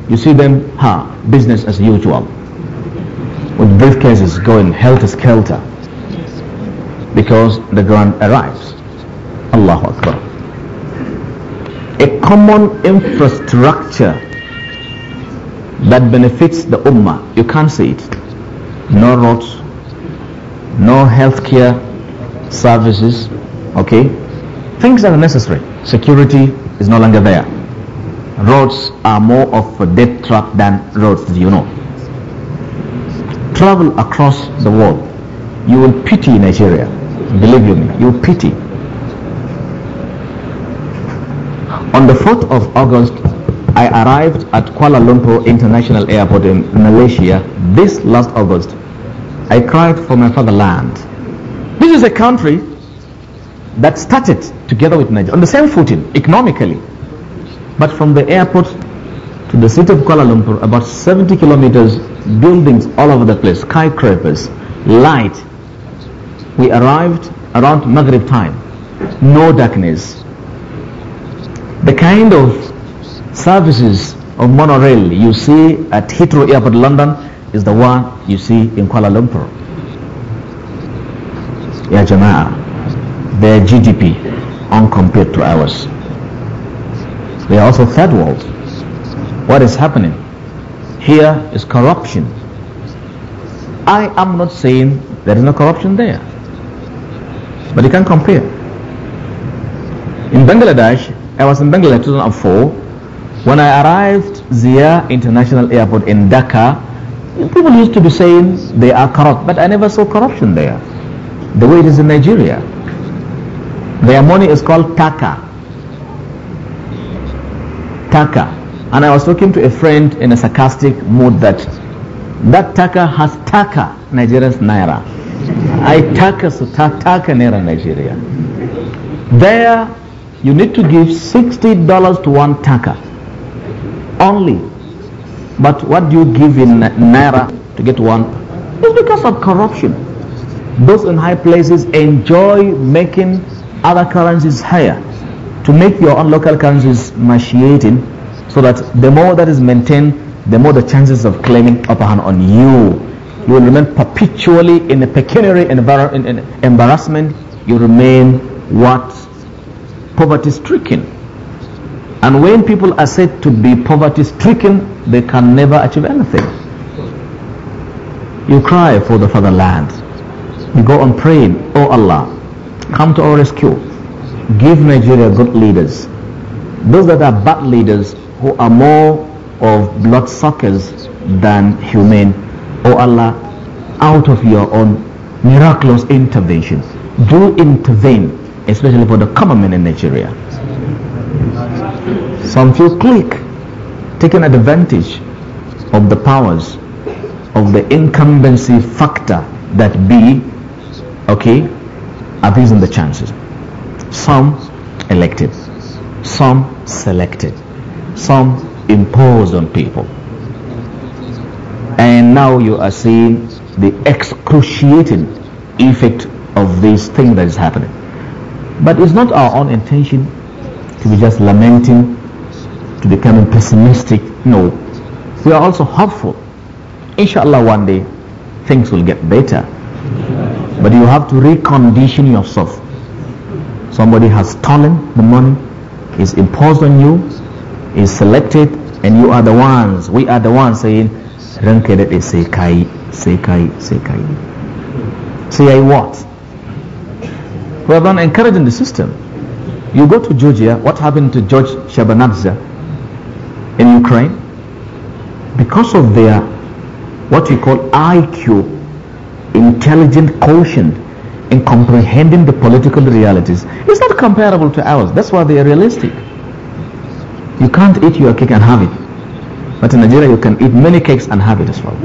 you see them, ha, business as usual. With briefcases going helter-skelter. Because the grant arrives. Allahu Akbar. A common infrastructure that benefits the ummah. You can't see it. No roads, no healthcare services, okay? Things that are necessary. Security is no longer there roads are more of a death trap than roads, you know. Travel across the world, you will pity Nigeria. Believe you me, you will pity. On the 4th of August, I arrived at Kuala Lumpur International Airport in Malaysia this last August. I cried for my fatherland. This is a country that started together with Nigeria on the same footing economically, but from the airport to the city of Kuala Lumpur, about 70 kilometers, buildings all over the place, skyscrapers, light. We arrived around Maghrib time, no darkness. The kind of services of monorail you see at Heathrow Airport London is the one you see in Kuala Lumpur. Ya Jama'ah, their GDP uncompared to ours. They are also third world. What is happening? Here is corruption. I am not saying there is no corruption there. But you can compare. In Bangladesh, I was in Bangladesh 2004. When I arrived Zia International Airport in Dhaka, people used to be saying they are corrupt, but I never saw corruption there. The way it is in Nigeria. Their money is called taka taka. And I was talking to a friend in a sarcastic mood that that taka has taka Nigeria's naira. I taka so ta, taka naira Nigeria. There you need to give $60 to one taka only. But what do you give in naira to get one? It's because of corruption. Those in high places enjoy making other currencies higher to make your own local councils machiating so that the more that is maintained, the more the chances of claiming upper hand on you. You will remain perpetually in a pecuniary embarrassment. You remain what? Poverty stricken. And when people are said to be poverty stricken, they can never achieve anything. You cry for the fatherland. You go on praying, Oh Allah, come to our rescue give Nigeria good leaders. Those that are bad leaders who are more of blood suckers than humane. Oh Allah, out of your own miraculous intervention, do intervene, especially for the common men in Nigeria. Some few clique taking advantage of the powers of the incumbency factor that be, okay, abusing the chances some elected, some selected, some imposed on people. And now you are seeing the excruciating effect of this thing that is happening. But it's not our own intention to be just lamenting, to becoming pessimistic. No. We are also hopeful. Inshallah, one day things will get better. But you have to recondition yourself somebody has stolen the money, is imposed on you, is selected, and you are the ones, we are the ones saying, ranke is sekai, sekai, sekai." kayi, sai kayi. Say I what? encouraging the system. You go to Georgia, what happened to George Shabanadze in Ukraine? Because of their, what we call IQ, intelligent quotient, in comprehending the political realities is not comparable to ours. That's why they are realistic. You can't eat your cake and have it. But in Nigeria, you can eat many cakes and have it as well.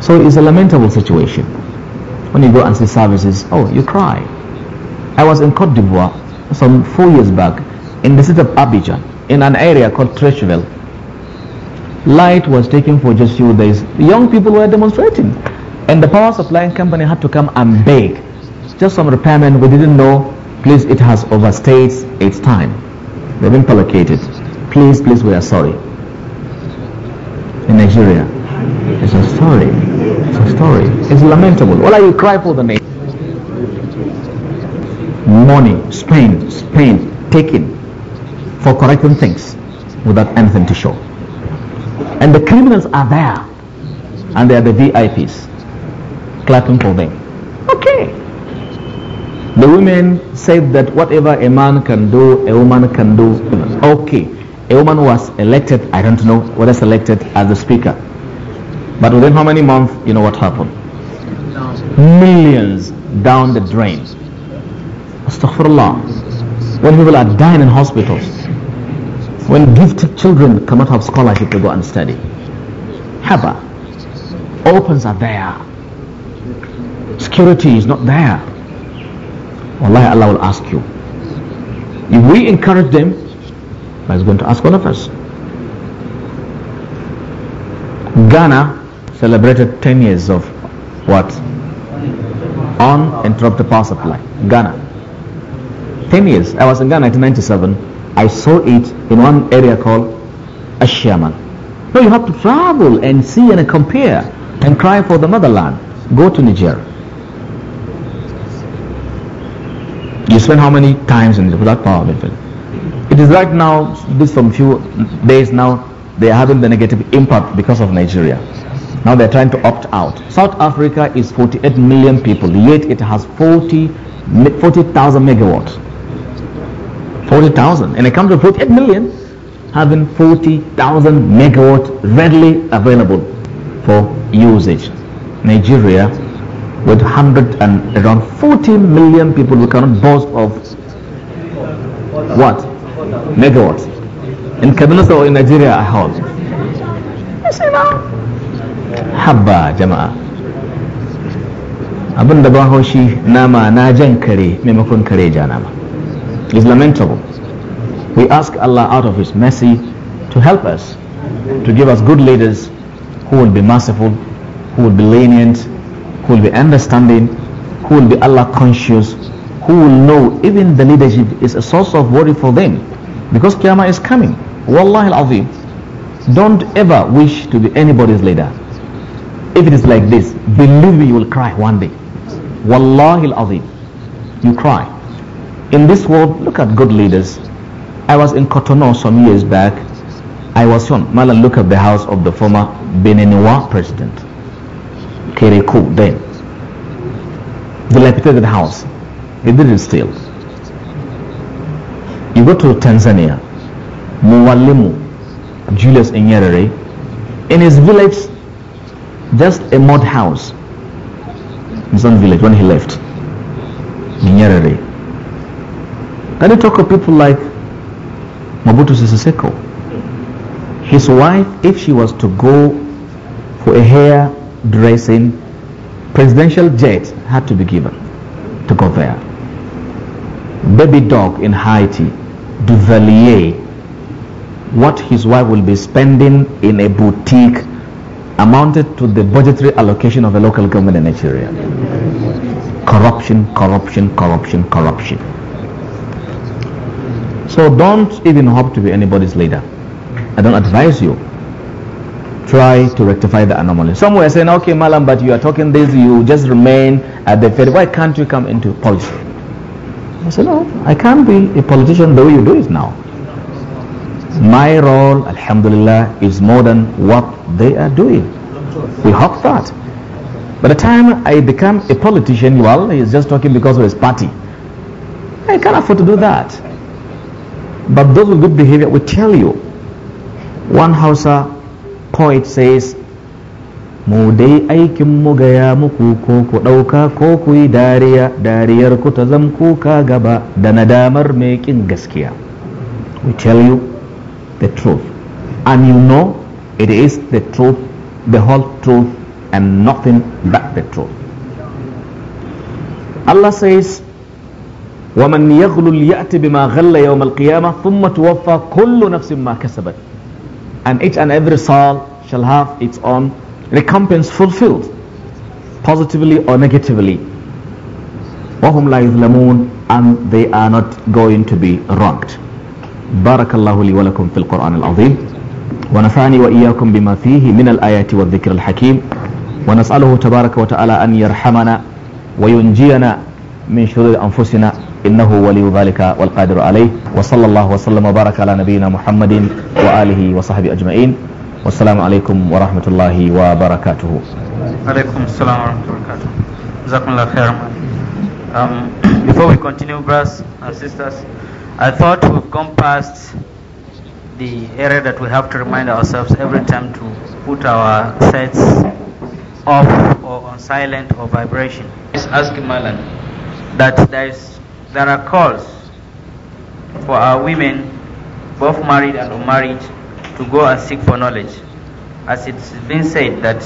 So it's a lamentable situation. When you go and see services, oh, you cry. I was in Cote d'Ivoire some four years back in the city of Abidjan in an area called Trecheville. Light was taken for just few days. Young people were demonstrating. And the power supplying company had to come and beg. Just some repairmen we didn't know, please it has overstayed its time. They've been placated. Please, please, we are sorry. In Nigeria. It's a story. It's a story. It's lamentable. What are you cry for the money? Money, spend, spend, taken for correcting things without anything to show. And the criminals are there and they are the VIPs clapping for them. Okay. The women said that whatever a man can do, a woman can do. Okay. A woman was elected, I don't know whether selected as the speaker. But within how many months, you know what happened? Millions down the drain. Astaghfirullah. When people are dying in hospitals, when gifted children cannot have scholarship to go and study. Haba. Opens are there security is not there. Allah, Allah will ask you. If we encourage them, Allah is going to ask all of us. Ghana celebrated 10 years of what? Uninterrupted power supply. Ghana. 10 years. I was in Ghana in 1997. I saw it in one area called Ashaman. So you have to travel and see and compare and cry for the motherland. Go to Nigeria. You spend how many times in it without power benefit? It is like now, this from few days now, they are having the negative impact because of Nigeria. Now they're trying to opt out. South Africa is 48 million people, yet it has 40 40,000 megawatts. 40,000. And it comes to 48 million having 40,000 megawatts readily available for usage. Nigeria with 100 and around 40 million people we cannot boast of what megawatts in Kaduna or in Nigeria I hope you see now habba jama'a abin da bahaushe nama na jan kare maimakon kare ja nama is lamentable we ask Allah out of his mercy to help us to give us good leaders who will be merciful who will be lenient who will be understanding, who will be Allah conscious, who will know even the leadership is a source of worry for them. Because Qiyamah is coming. Wallahi al-Azim. Don't ever wish to be anybody's leader. If it is like this, believe me, you will cry one day. Wallahi al-Azim. You cry. In this world, look at good leaders. I was in Cotonou some years back. I was shown, Malan, look at the house of the former Beninois president. Okay, cool. Then dilapidated house. it did not still. You go to Tanzania, Mwalimu Julius Nyerere, in his village, just a mud house. His own village when he left. Nyerere. Can you talk of people like Mobutu Sese Seko. His wife, if she was to go for a hair dressing, presidential jet had to be given to go there. Baby dog in Haiti, Duvalier, what his wife will be spending in a boutique amounted to the budgetary allocation of a local government in Nigeria. Corruption, corruption, corruption, corruption. So don't even hope to be anybody's leader. I don't advise you try to rectify the anomaly. Some were saying, okay, Malam, but you are talking this, you just remain at the Fed. Why can't you come into politics? I said, no, I can't be a politician the way you do it now. My role, alhamdulillah, is more than what they are doing. We hope that. By the time I become a politician, well, he's just talking because of his party. I can't afford to do that. But those with good behavior will tell you, one Hausa poet says mu dai aikin mu gaya muku ko ku ɗauka ko ku yi dariya dariyar ku ta zam kuka gaba da nadamar mai ƙin gaskiya we tell you the truth and you know it is the truth the whole truth and nothing but the truth Allah says ومن يغلل يأتي بما غل يوم القيامة ثم توفى كل نفس ما كسبت and each and every soul shall have its own recompense fulfilled, positively or negatively. وهم لا يظلمون and they are not going to be wronged. بارك الله لي ولكم في القرآن العظيم ونفعني وإياكم بما فيه من الآيات والذكر الحكيم ونسأله تبارك وتعالى أن يرحمنا وينجينا من شرور أنفسنا إنه ولي ذلك والقادر عليه وصلى الله وسلم وبارك على نبينا محمد وآله وصحبه أجمعين والسلام عليكم ورحمة الله وبركاته عليكم السلام ورحمة الله وبركاته جزاكم الله um, Before we continue brothers and sisters I thought we've gone past the area that we have to remind ourselves every time to put our sets off or on silent or vibration. It's asking Malan that there is there are calls for our women, both married and unmarried, to go and seek for knowledge. As it's been said that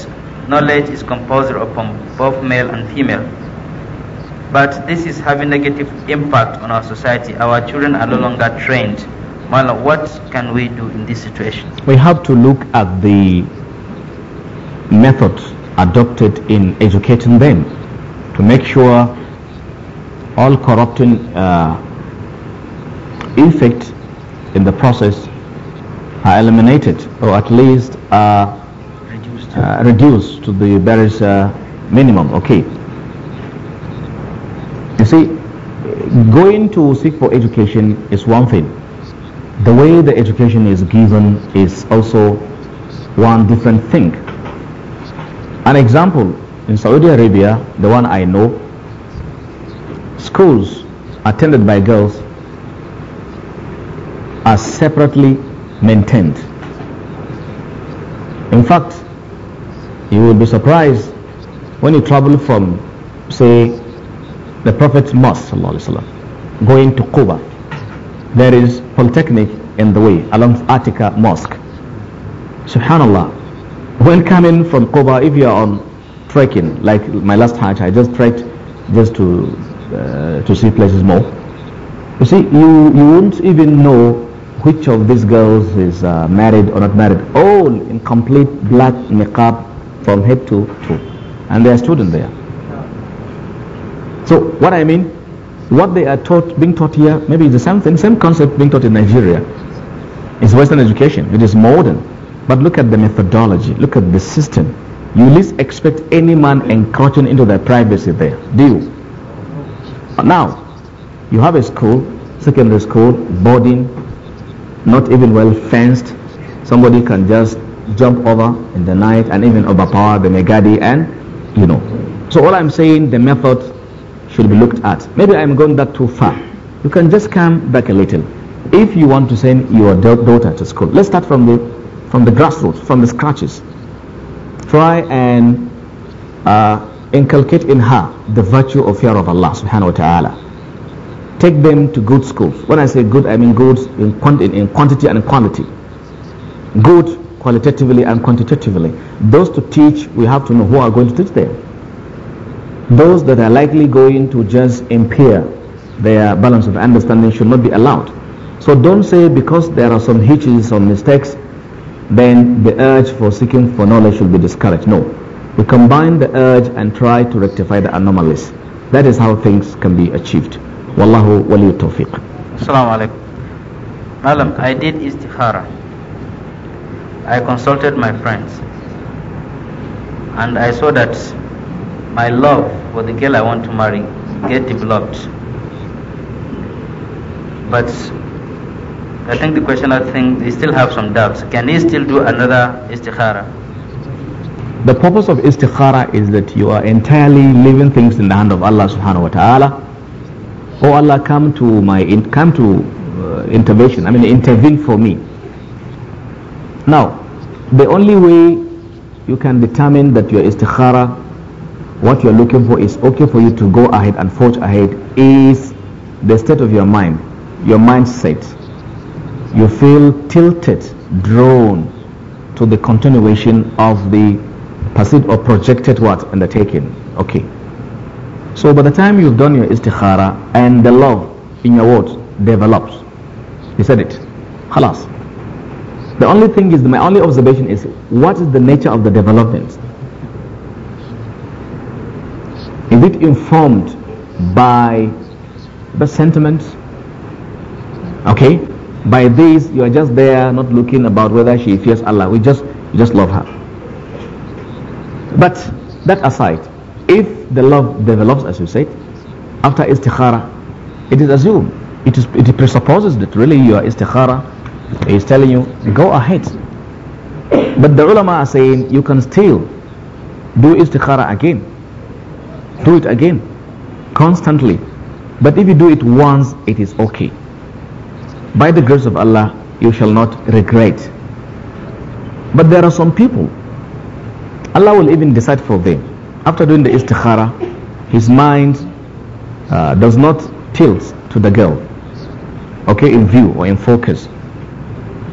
knowledge is composed upon both male and female. But this is having negative impact on our society. Our children are no longer trained. Mala, what can we do in this situation? We have to look at the methods adopted in educating them to make sure all corrupting uh, effect in the process are eliminated or at least are reduced, uh, reduced to the barest uh, minimum. Okay. You see, going to seek for education is one thing. The way the education is given is also one different thing. An example in Saudi Arabia, the one I know, schools attended by girls are separately maintained. In fact, you will be surprised when you travel from, say, the Prophet's Mosque, going to Cuba. There is polytechnic in the way along Attica Mosque. Subhanallah. When coming from Cuba, if you are on trekking, like my last Hajj, I just trekked just to uh, to see places more. You see, you, you won't even know which of these girls is uh, married or not married. All in complete black niqab from head to toe. And they are students there. So what I mean, what they are taught, being taught here, maybe it's the same thing, same concept being taught in Nigeria. It's Western education. It is modern. But look at the methodology. Look at the system. You least expect any man encroaching into their privacy there. Do you? Now, you have a school, secondary school, boarding, not even well fenced. Somebody can just jump over in the night and even overpower the Megadi and, you know. So all I'm saying, the method should be looked at. Maybe I'm going that too far. You can just come back a little. If you want to send your daughter to school, let's start from the from the grassroots, from the scratches. Try and uh, inculcate in her the virtue of fear of Allah subhanahu wa ta'ala. Take them to good schools. When I say good, I mean good in, in quantity and quality. Good qualitatively and quantitatively. Those to teach, we have to know who are going to teach them. Those that are likely going to just impair their balance of understanding should not be allowed. So don't say because there are some hitches, some mistakes, then the urge for seeking for knowledge should be discouraged. No. We combine the urge and try to rectify the anomalies. That is how things can be achieved. Wallahu wali tawfiq. Assalamu alaikum. I did istikhara. I consulted my friends and I saw that my love for the girl I want to marry get developed. But I think the question I think they still have some doubts. Can he still do another istikhara? The purpose of istikhara is that you are entirely leaving things in the hand of Allah subhanahu wa ta'ala. Oh Allah, come to my come to uh, intervention. I mean, intervene for me. Now, the only way you can determine that your istikhara, what you are looking for, is okay for you to go ahead and forge ahead is the state of your mind, your mindset. You feel tilted, drawn to the continuation of the perceived or projected what? Undertaking. Okay. So by the time you've done your istikhara and the love in your words develops, he said it. Halas. The only thing is, my only observation is, what is the nature of the development? Is it informed by the sentiments? Okay? By this, you are just there, not looking about whether she fears Allah. We just, you just love her. But that aside, if the love develops, as you said, after istikhara, it is assumed, it, is, it presupposes that really your istikhara is telling you, go ahead. But the ulama are saying you can still do istikhara again. Do it again, constantly. But if you do it once, it is okay. By the grace of Allah, you shall not regret. But there are some people Allah will even decide for them. After doing the istikhara, his mind uh, does not tilt to the girl, okay, in view or in focus.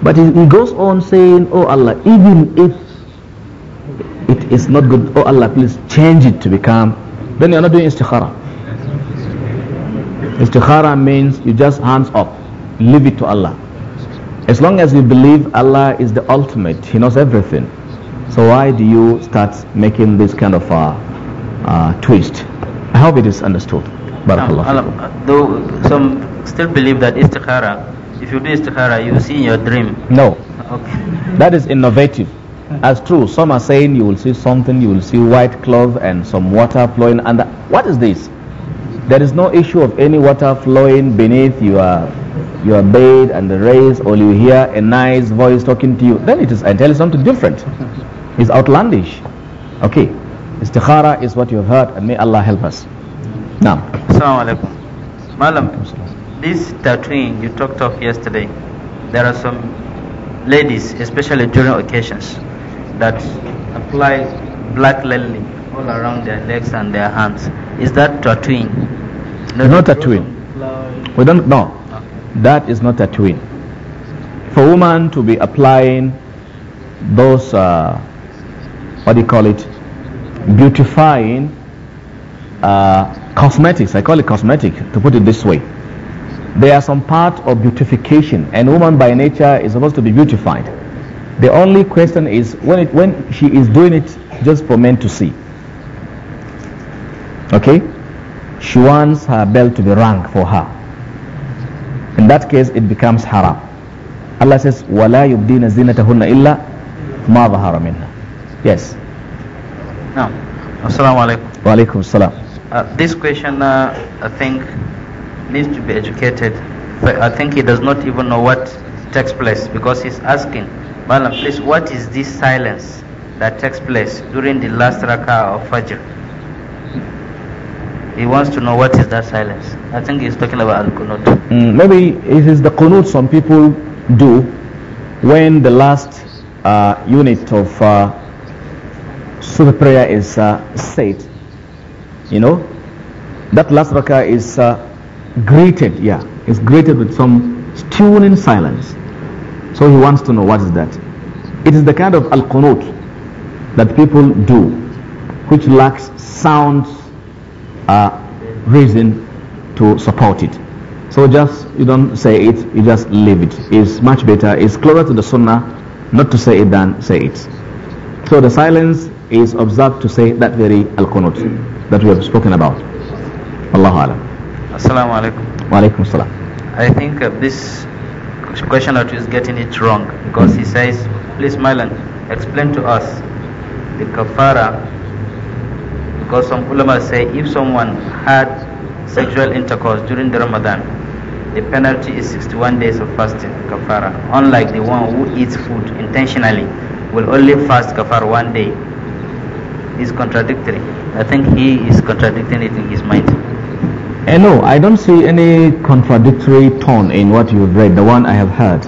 But he, he goes on saying, Oh Allah, even if it is not good, oh Allah, please change it to become, then you're not doing istikhara. Istikhara means you just hands up, leave it to Allah. As long as you believe Allah is the ultimate, He knows everything. So why do you start making this kind of a uh, twist? I hope it is understood. Barakallah. Um, uh, though some still believe that istikhara, if you do istikhara, you see in your dream. No. Okay. That is innovative. That's true, some are saying you will see something, you will see white cloth and some water flowing under. What is this? There is no issue of any water flowing beneath your your bed and the rays, or you hear a nice voice talking to you. Then it is entirely something different is outlandish. Okay. Istikhara is what you have heard and may Allah help us. Now. Assalamu alaikum. Malam, this tattooing you talked of yesterday, there are some ladies, especially during occasions, that apply black lily all around their legs and their hands. Is that tattooing? No, not tattooing. We don't know. Okay. That is not tattooing. For women to be applying those uh, what do you call it, beautifying uh, cosmetics. I call it cosmetic, to put it this way. They are some part of beautification, and woman by nature is supposed to be beautified. The only question is when, it, when she is doing it just for men to see. Okay? She wants her belt to be rung for her. In that case, it becomes haram. Allah says, "Wala yubdina زِينَتَهُنَّ illa ma ظَهَرَ مِنْهَا Yes. Now, Assalamualaikum. alaikum. Uh, this question, uh, I think, needs to be educated. But I think he does not even know what takes place because he's asking, Malam, please, what is this silence that takes place during the last rakah of Fajr? He wants to know what is that silence. I think he's talking about al-qunut. Mm, maybe it is the qunut some people do when the last uh, unit of uh, so the prayer is uh, said you know that last rakah is uh, greeted yeah it's greeted with some stunning silence so he wants to know what is that it is the kind of al-qunut that people do which lacks sound uh, reason to support it so just you don't say it you just leave it it's much better it's closer to the sunnah not to say it than say it so the silence is observed to say that very al-qunut that we have spoken about. Allahu Alam. Assalamu alaikum. Wa alaikum I think uh, this questioner is getting it wrong because he says, please Mylan, explain to us the kafara because some ulama say if someone had sexual intercourse during the Ramadan, the penalty is 61 days of fasting, kafara. Unlike the one who eats food intentionally, will only fast kafara one day is contradictory. I think he is contradicting it in his mind. Uh, no, I don't see any contradictory tone in what you've read, the one I have heard.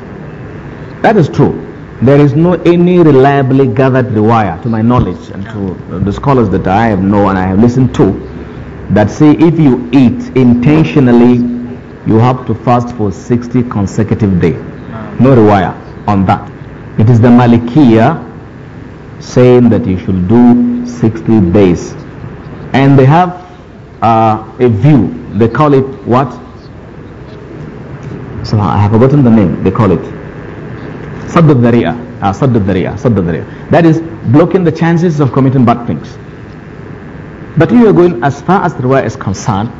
That is true. There is no any reliably gathered riwayah, to my knowledge, and to the scholars that I have known and I have listened to, that say if you eat intentionally, you have to fast for 60 consecutive days. No riwayah on that. It is the Malikiya saying that you should do 60 days. And they have uh, a view. They call it what? So I have forgotten the name. They call it Sadd al-Dhari'ah. Uh, is blocking the chances of committing bad things. But if you are going as far as the riwayah is concerned,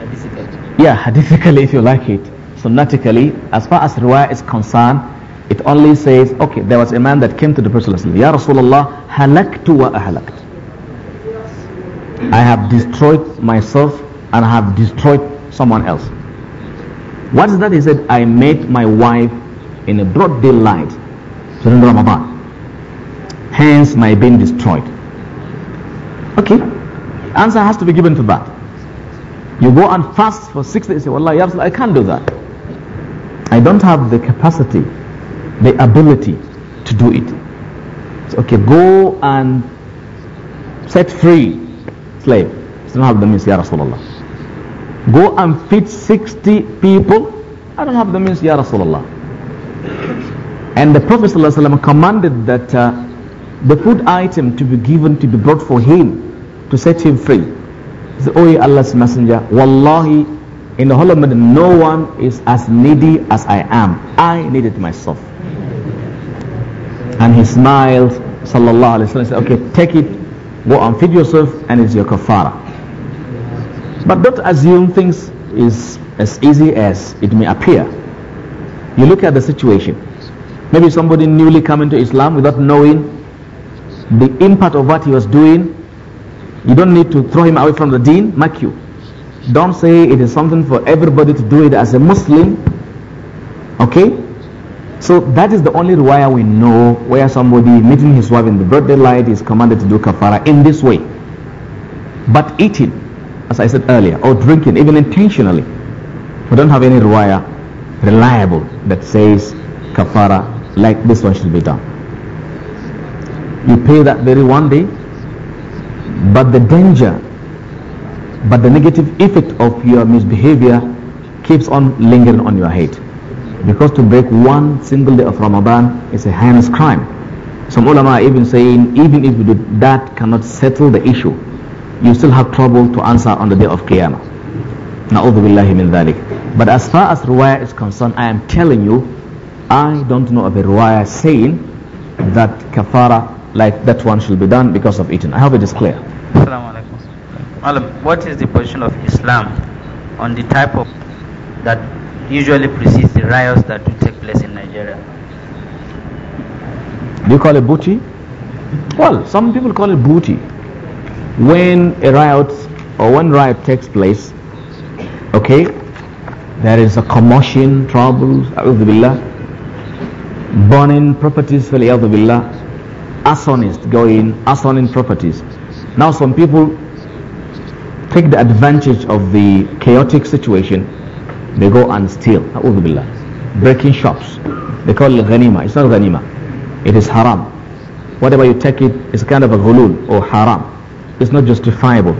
hadithically. yeah, hadithically if you like it, sunnatically, as far as riwayah is concerned, it only says, okay, there was a man that came to the Prophet Ya Rasulullah, halaktu wa halak. I have destroyed myself and I have destroyed someone else. What is that? He said, I met my wife in a broad daylight during Ramadan. Hence my being destroyed. Okay. Answer has to be given to that. You go and fast for six days. You say, I can't do that. I don't have the capacity the ability to do it. So, okay, go and set free slave. It's not have the means, Ya Rasulullah. Go and feed 60 people. I don't have the means, Ya Rasulullah. And the Prophet ﷺ commanded that uh, the food item to be given, to be brought for him, to set him free. He said, O oh, Allah's Messenger, Wallahi, in the whole of Medina, no one is as needy as I am. I needed myself and he smiled sallallahu alaihi wasallam said okay take it go and feed yourself and it's your kafara but don't assume things is as easy as it may appear you look at the situation maybe somebody newly coming to islam without knowing the impact of what he was doing you don't need to throw him away from the deen mark you don't say it is something for everybody to do it as a muslim okay so that is the only riwayah we know where somebody meeting his wife in the birthday light is commanded to do kafara in this way. But eating, as I said earlier, or drinking, even intentionally, we don't have any riwayah reliable that says kafara like this one should be done. You pay that very one day, but the danger, but the negative effect of your misbehavior keeps on lingering on your head. Because to break one single day of Ramadan is a heinous crime. Some ulama are even saying, even if you do that cannot settle the issue, you still have trouble to answer on the day of Qiyamah. Na'udhu billahi min dhalik. But as far as ruwaya is concerned, I am telling you, I don't know of a ruwaya saying that kafara like that one should be done because of eating. I hope it is clear. Malam, what is the position of Islam on the type of that usually precedes the riots that do take place in Nigeria. Do you call it booty? Well, some people call it booty. When a riot or when riot takes place, okay, there is a commotion, troubles, Alhamdulillah. burning properties, billah, arsonist going, arsoning properties. Now some people take the advantage of the chaotic situation they go and steal. Breaking shops. They call it ghanima. It's not ghanima. It is haram. Whatever you take it is kind of a ghulul or haram. It's not justifiable.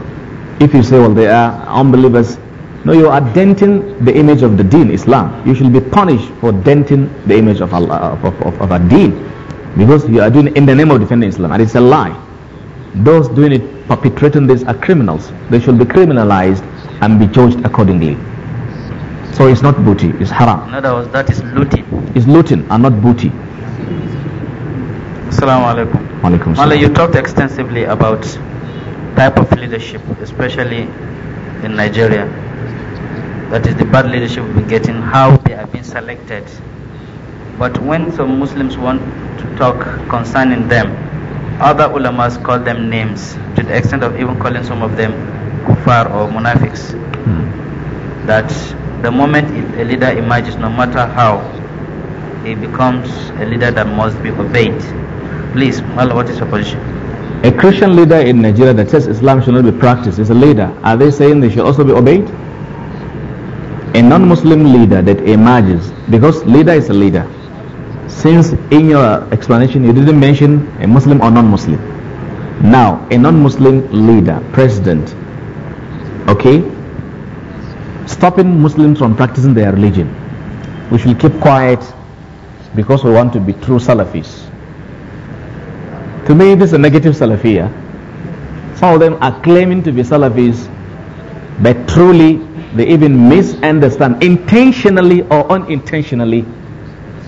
If you say, well, they are unbelievers. No, you are denting the image of the deen, Islam. You should be punished for denting the image of Allah, of, of, of, of deen. Because you are doing it in the name of defending Islam. And it's a lie. Those doing it, perpetrating this are criminals. They should be criminalized and be judged accordingly. So it's not booty, it's haram. In other words, that is looting. It's looting and not booty. Assalamu alaikum. Alaikum you talked extensively about type of leadership, especially in Nigeria. That is the bad leadership we've been getting, how they are being selected. But when some Muslims want to talk concerning them, other ulamas call them names to the extent of even calling some of them kufar or munafiqs. Hmm. That the moment a leader emerges, no matter how, he becomes a leader that must be obeyed. Please, Mala, what is your position? A Christian leader in Nigeria that says Islam should not be practiced is a leader. Are they saying they should also be obeyed? A non-Muslim leader that emerges, because leader is a leader. Since in your explanation you didn't mention a Muslim or non-Muslim. Now, a non-Muslim leader, president, okay, stopping Muslims from practicing their religion. We should keep quiet because we want to be true Salafis. To me, this is a negative Salafia. Some of them are claiming to be Salafis, but truly they even misunderstand intentionally or unintentionally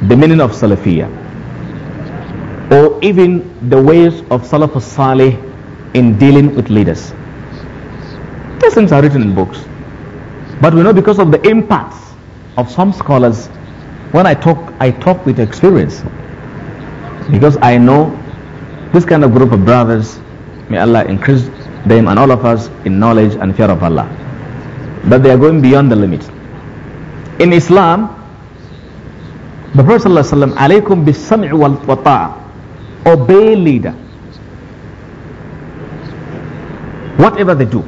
the meaning of Salafia, or even the ways of Salafus Salih in dealing with leaders. These things are written in books. But we know because of the impacts of some scholars, when I talk, I talk with experience. Because I know this kind of group of brothers, may Allah increase them and all of us in knowledge and fear of Allah. But they are going beyond the limit. In Islam, the Prophet ﷺ, alaykum bis-sam'i wal obey leader. Whatever they do,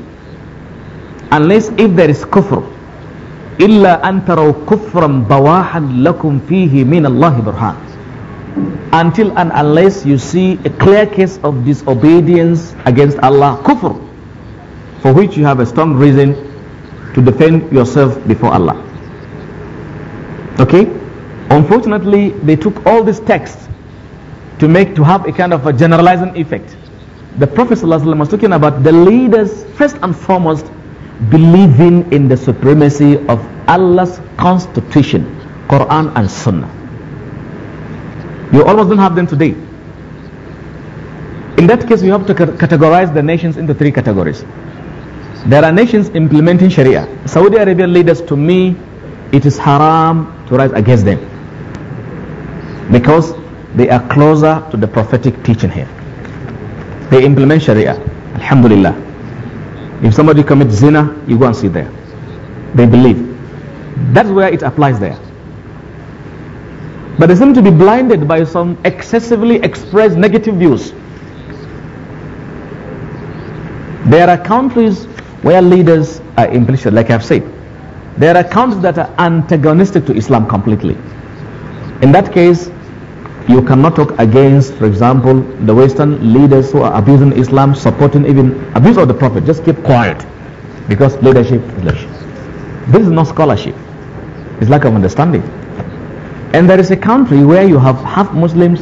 unless if there is kufr إلا أن تروا كفرا بواحا لكم فيه من الله برهان until and unless you see a clear case of disobedience against Allah kufr for which you have a strong reason to defend yourself before Allah okay unfortunately they took all these texts to make to have a kind of a generalizing effect the prophet ﷺ was talking about the leaders first and foremost believing in the supremacy of Allah's constitution, Quran and Sunnah. You almost don't have them today. In that case, we have to categorize the nations into three categories. There are nations implementing Sharia. Saudi Arabian leaders, to me, it is haram to rise against them because they are closer to the prophetic teaching here. They implement Sharia. Alhamdulillah. If somebody commits zina, you go and see there. They believe. That's where it applies there. But they seem to be blinded by some excessively expressed negative views. There are countries where leaders are implicit, like I've said. There are countries that are antagonistic to Islam completely. In that case, you cannot talk against, for example, the Western leaders who are abusing Islam, supporting even abuse of the Prophet. Just keep quiet because leadership is leadership. This is not scholarship. It's lack of understanding. And there is a country where you have half Muslims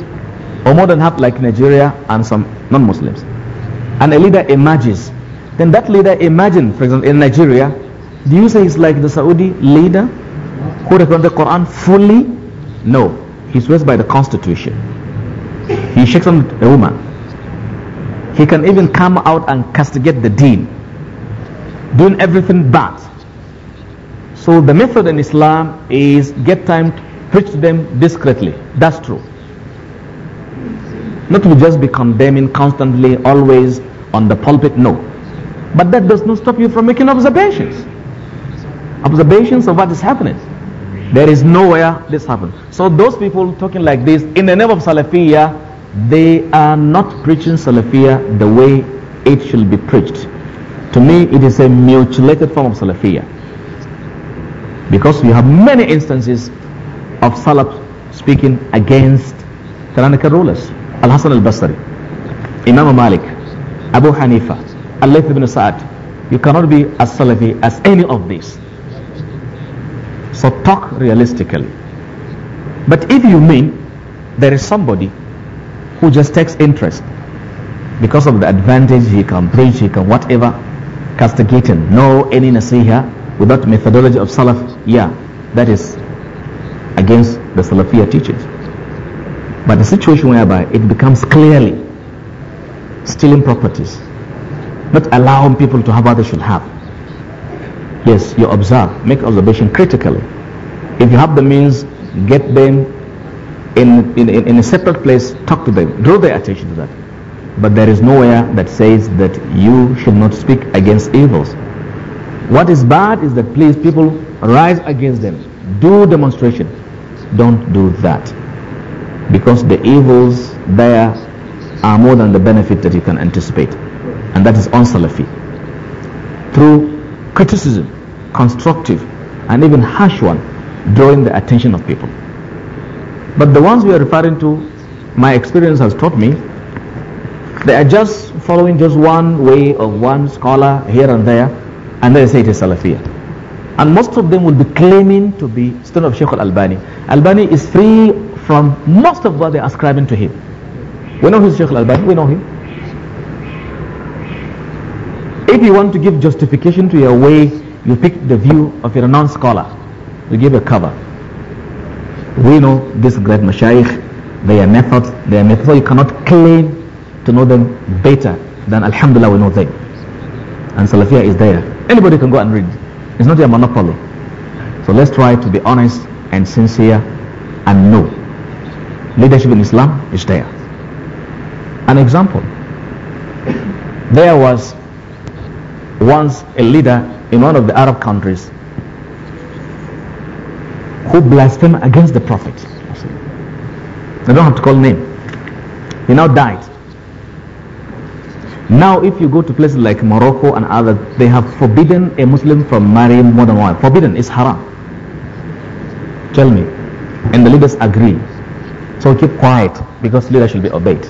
or more than half like Nigeria and some non-Muslims. And a leader emerges. Then that leader imagine, for example, in Nigeria, do you say he's like the Saudi leader who represented the Quran fully? No he swears by the constitution. He shakes on a woman. He can even come out and castigate the dean, doing everything bad. So the method in Islam is get time to preach to them discreetly. That's true. Not to just be condemning constantly, always on the pulpit, no. But that does not stop you from making observations. Observations of what is happening. There is nowhere this happened. So those people talking like this in the name of Salafiyah, they are not preaching Salafiyah the way it should be preached. To me, it is a mutilated form of Salafiyah. Because we have many instances of Salaf speaking against tyrannical rulers. al Hassan al-Basri, Imam Malik, Abu Hanifa, Al-Layth ibn Sa'ad. You cannot be as Salafi as any of these. So talk realistically. But if you mean there is somebody who just takes interest because of the advantage he can preach, he can whatever, castigating, no any nasiha without methodology of salaf, yeah, that is against the Salafia teachings. But the situation whereby it becomes clearly stealing properties, not allowing people to have what they should have, Yes, you observe, make observation critically. If you have the means, get them in, in, in a separate place, talk to them, draw their attention to that. But there is nowhere that says that you should not speak against evils. What is bad is that please people rise against them. Do demonstration. Don't do that. Because the evils there are more than the benefit that you can anticipate. And that is on Salafi. Through criticism, constructive, and even harsh one, drawing the attention of people. But the ones we are referring to, my experience has taught me, they are just following just one way of one scholar here and there, and they say it is Salafiyah. And most of them will be claiming to be student of Sheikh al-Albani. Albani is free from most of what they are ascribing to him. We know who Sheikh al-Albani, we know him. If you want to give justification to your way, you pick the view of your non scholar. You give a cover. We know this great mashayikh, their methods, their methods. So you cannot claim to know them better than Alhamdulillah we know them. And Salafiyah is there. Anybody can go and read. It's not a monopoly. So let's try to be honest and sincere and know. Leadership in Islam is there. An example. There was once a leader in one of the Arab countries who blasphemed against the Prophet. I don't have to call name. He now died. Now, if you go to places like Morocco and others, they have forbidden a Muslim from marrying more than one. Forbidden, is haram. Tell me. And the leaders agree. So keep quiet because leader should be obeyed.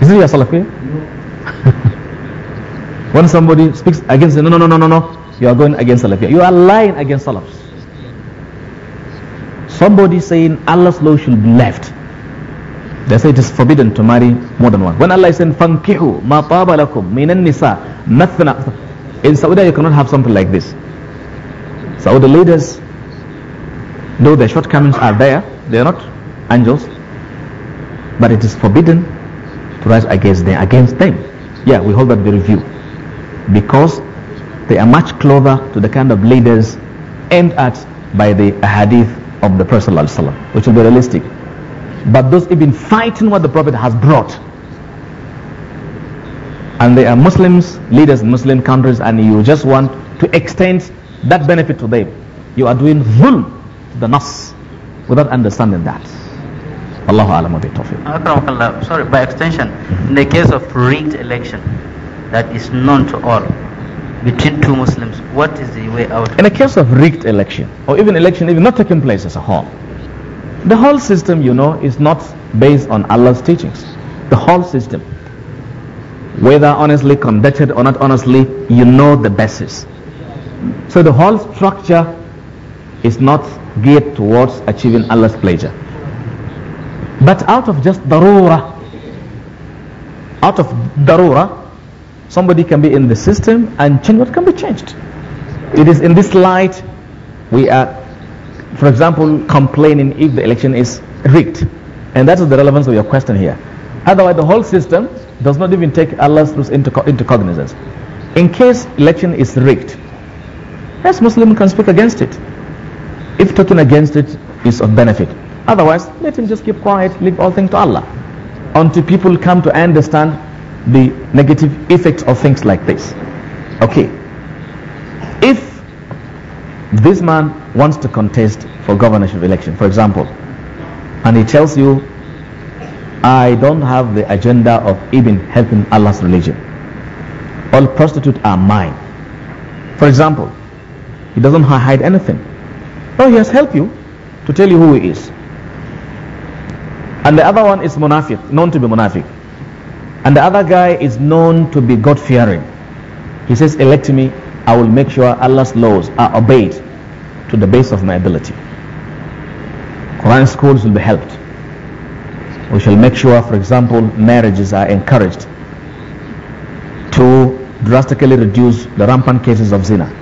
Is it your Salafi? No. When somebody speaks against you, no, no, no, no, no, no, you are going against Allah. You are lying against Allah. Somebody saying Allah's law should be left. They say it is forbidden to marry more than one. When Allah is saying, Fankihu, مَا طَابَ لَكُمْ مِنَ nisa, مَثْنَا In Saudi, you cannot have something like this. Saudi leaders, though their shortcomings are there, they are not angels, but it is forbidden to rise against them. Against them. Yeah, we hold that very view because they are much closer to the kind of leaders aimed at by the hadith of the Prophet ﷺ, which will be realistic. But those even fighting what the Prophet has brought, and they are Muslims, leaders in Muslim countries, and you just want to extend that benefit to them, you are doing zulm to the nas without understanding that. Allahu alam Sorry, by extension, in the case of rigged election, that is known to all between two Muslims, what is the way out? In a case of rigged election, or even election even not taking place as a whole, the whole system, you know, is not based on Allah's teachings. The whole system, whether honestly conducted or not honestly, you know the basis. So the whole structure is not geared towards achieving Allah's pleasure. But out of just darura, out of darura, Somebody can be in the system and change what can be changed. It is in this light we are, for example, complaining if the election is rigged. And that is the relevance of your question here. Otherwise, the whole system does not even take Allah's rules into, into cognizance. In case election is rigged, yes, Muslim can speak against it. If talking against it is of benefit. Otherwise, let him just keep quiet, leave all things to Allah. Until people come to understand the negative effects of things like this. Okay. If this man wants to contest for governorship election, for example, and he tells you, I don't have the agenda of even helping Allah's religion. All prostitutes are mine. For example, he doesn't hide anything. Oh, he has helped you to tell you who he is. And the other one is munafiq, known to be munafiq. And the other guy is known to be God fearing. He says, Elect me, I will make sure Allah's laws are obeyed to the best of my ability. Quran schools will be helped. We shall make sure, for example, marriages are encouraged to drastically reduce the rampant cases of zina.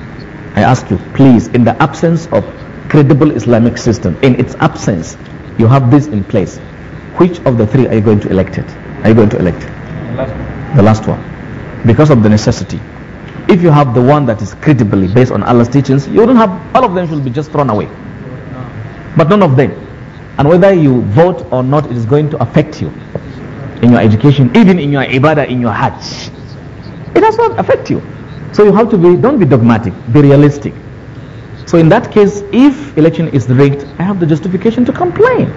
I ask you, please, in the absence of credible Islamic system, in its absence, you have this in place. Which of the three are you going to elect it? Are you going to elect it? The last one. Because of the necessity. If you have the one that is credibly based on Allah's teachings, you don't have, all of them should be just thrown away. But none of them. And whether you vote or not, it is going to affect you in your education, even in your ibadah, in your heart. It does not affect you. So you have to be, don't be dogmatic, be realistic. So in that case, if election is rigged, I have the justification to complain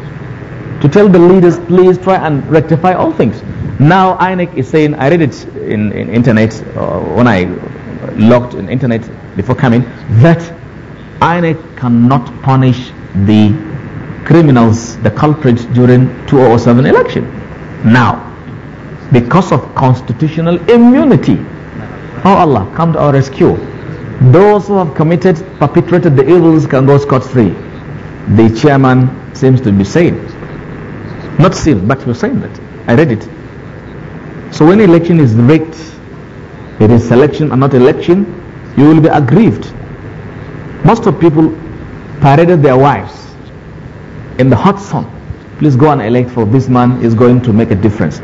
to tell the leaders, please try and rectify all things. Now INEC is saying, I read it in, in internet uh, when I logged in internet before coming, that INEC cannot punish the criminals, the culprits during 2007 election. Now, because of constitutional immunity, oh Allah, come to our rescue. Those who have committed, perpetrated the evils can go scot-free. The chairman seems to be saying not sealed, but you're saying that. I read it. So when election is rigged, it is selection and not election, you will be aggrieved. Most of people paraded their wives in the hot sun. Please go and elect for this man is going to make a difference.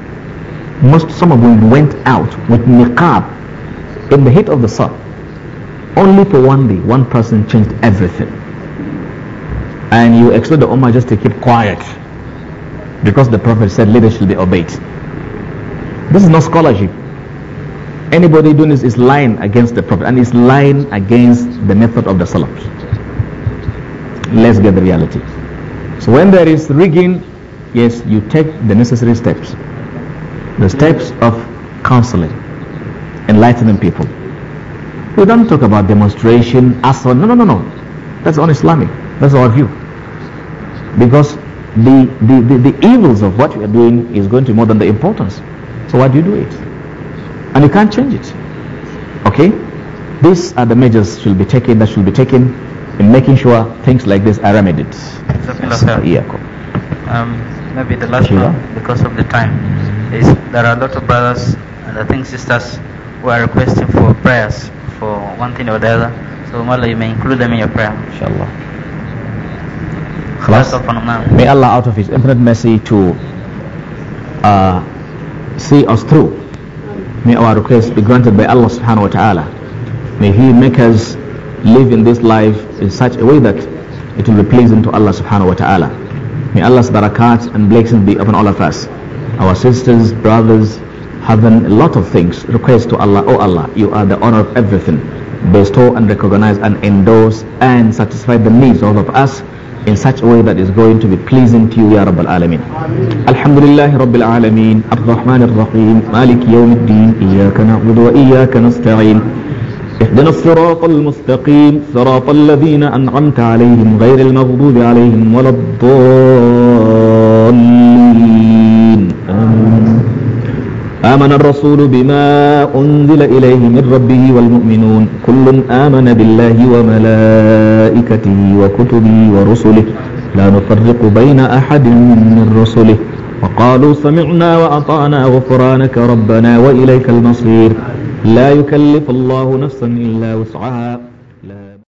Most some of them went out with niqab in the heat of the sun. Only for one day, one person changed everything. And you expect the Omar just to keep quiet because the Prophet said leaders should be obeyed. This is not scholarship. Anybody doing this is lying against the Prophet and is lying against the method of the Salaf. Let's get the reality. So when there is rigging, yes, you take the necessary steps. The steps of counseling, enlightening people. We don't talk about demonstration, as No, no, no, no. That's un-Islamic. That's our view. Because the, the, the, the evils of what you are doing is going to be more than the importance. So why do you do it? And you can't change it. Okay? These are the measures should be taken that should be taken in making sure things like this are remedied. Um, maybe the last one because of the time is there are a lot of brothers and I think sisters who are requesting for prayers for one thing or the other. So Mala, you may include them in your prayer. Inshallah. May Allah out of His infinite mercy to uh, see us through. May our request be granted by Allah subhanahu wa ta'ala. May He make us live in this life in such a way that it will be pleasing to Allah subhanahu wa ta'ala. May Allah's barakat and blessings be upon all of us. Our sisters, brothers, having a lot of things, request to Allah, O oh Allah, you are the owner of everything. Bestow and recognize and endorse and satisfy the needs of all of us. in such a way that is going to be pleasing to you يا رب العالمين الحمد لله رب العالمين الرحمن الرحيم مالك يوم الدين إياك نعبد وإياك نستعين اهدنا الصراط المستقيم صراط الذين أنعمت عليهم غير المغضوب عليهم ولا الضالين آمن الرسول بما أنزل إليه من ربه والمؤمنون كل آمن بالله وملائكته وكتبه ورسله لا نفرق بين أحد من رسله وقالوا سمعنا وأطعنا غفرانك ربنا وإليك المصير لا يكلف الله نفسا إلا وسعها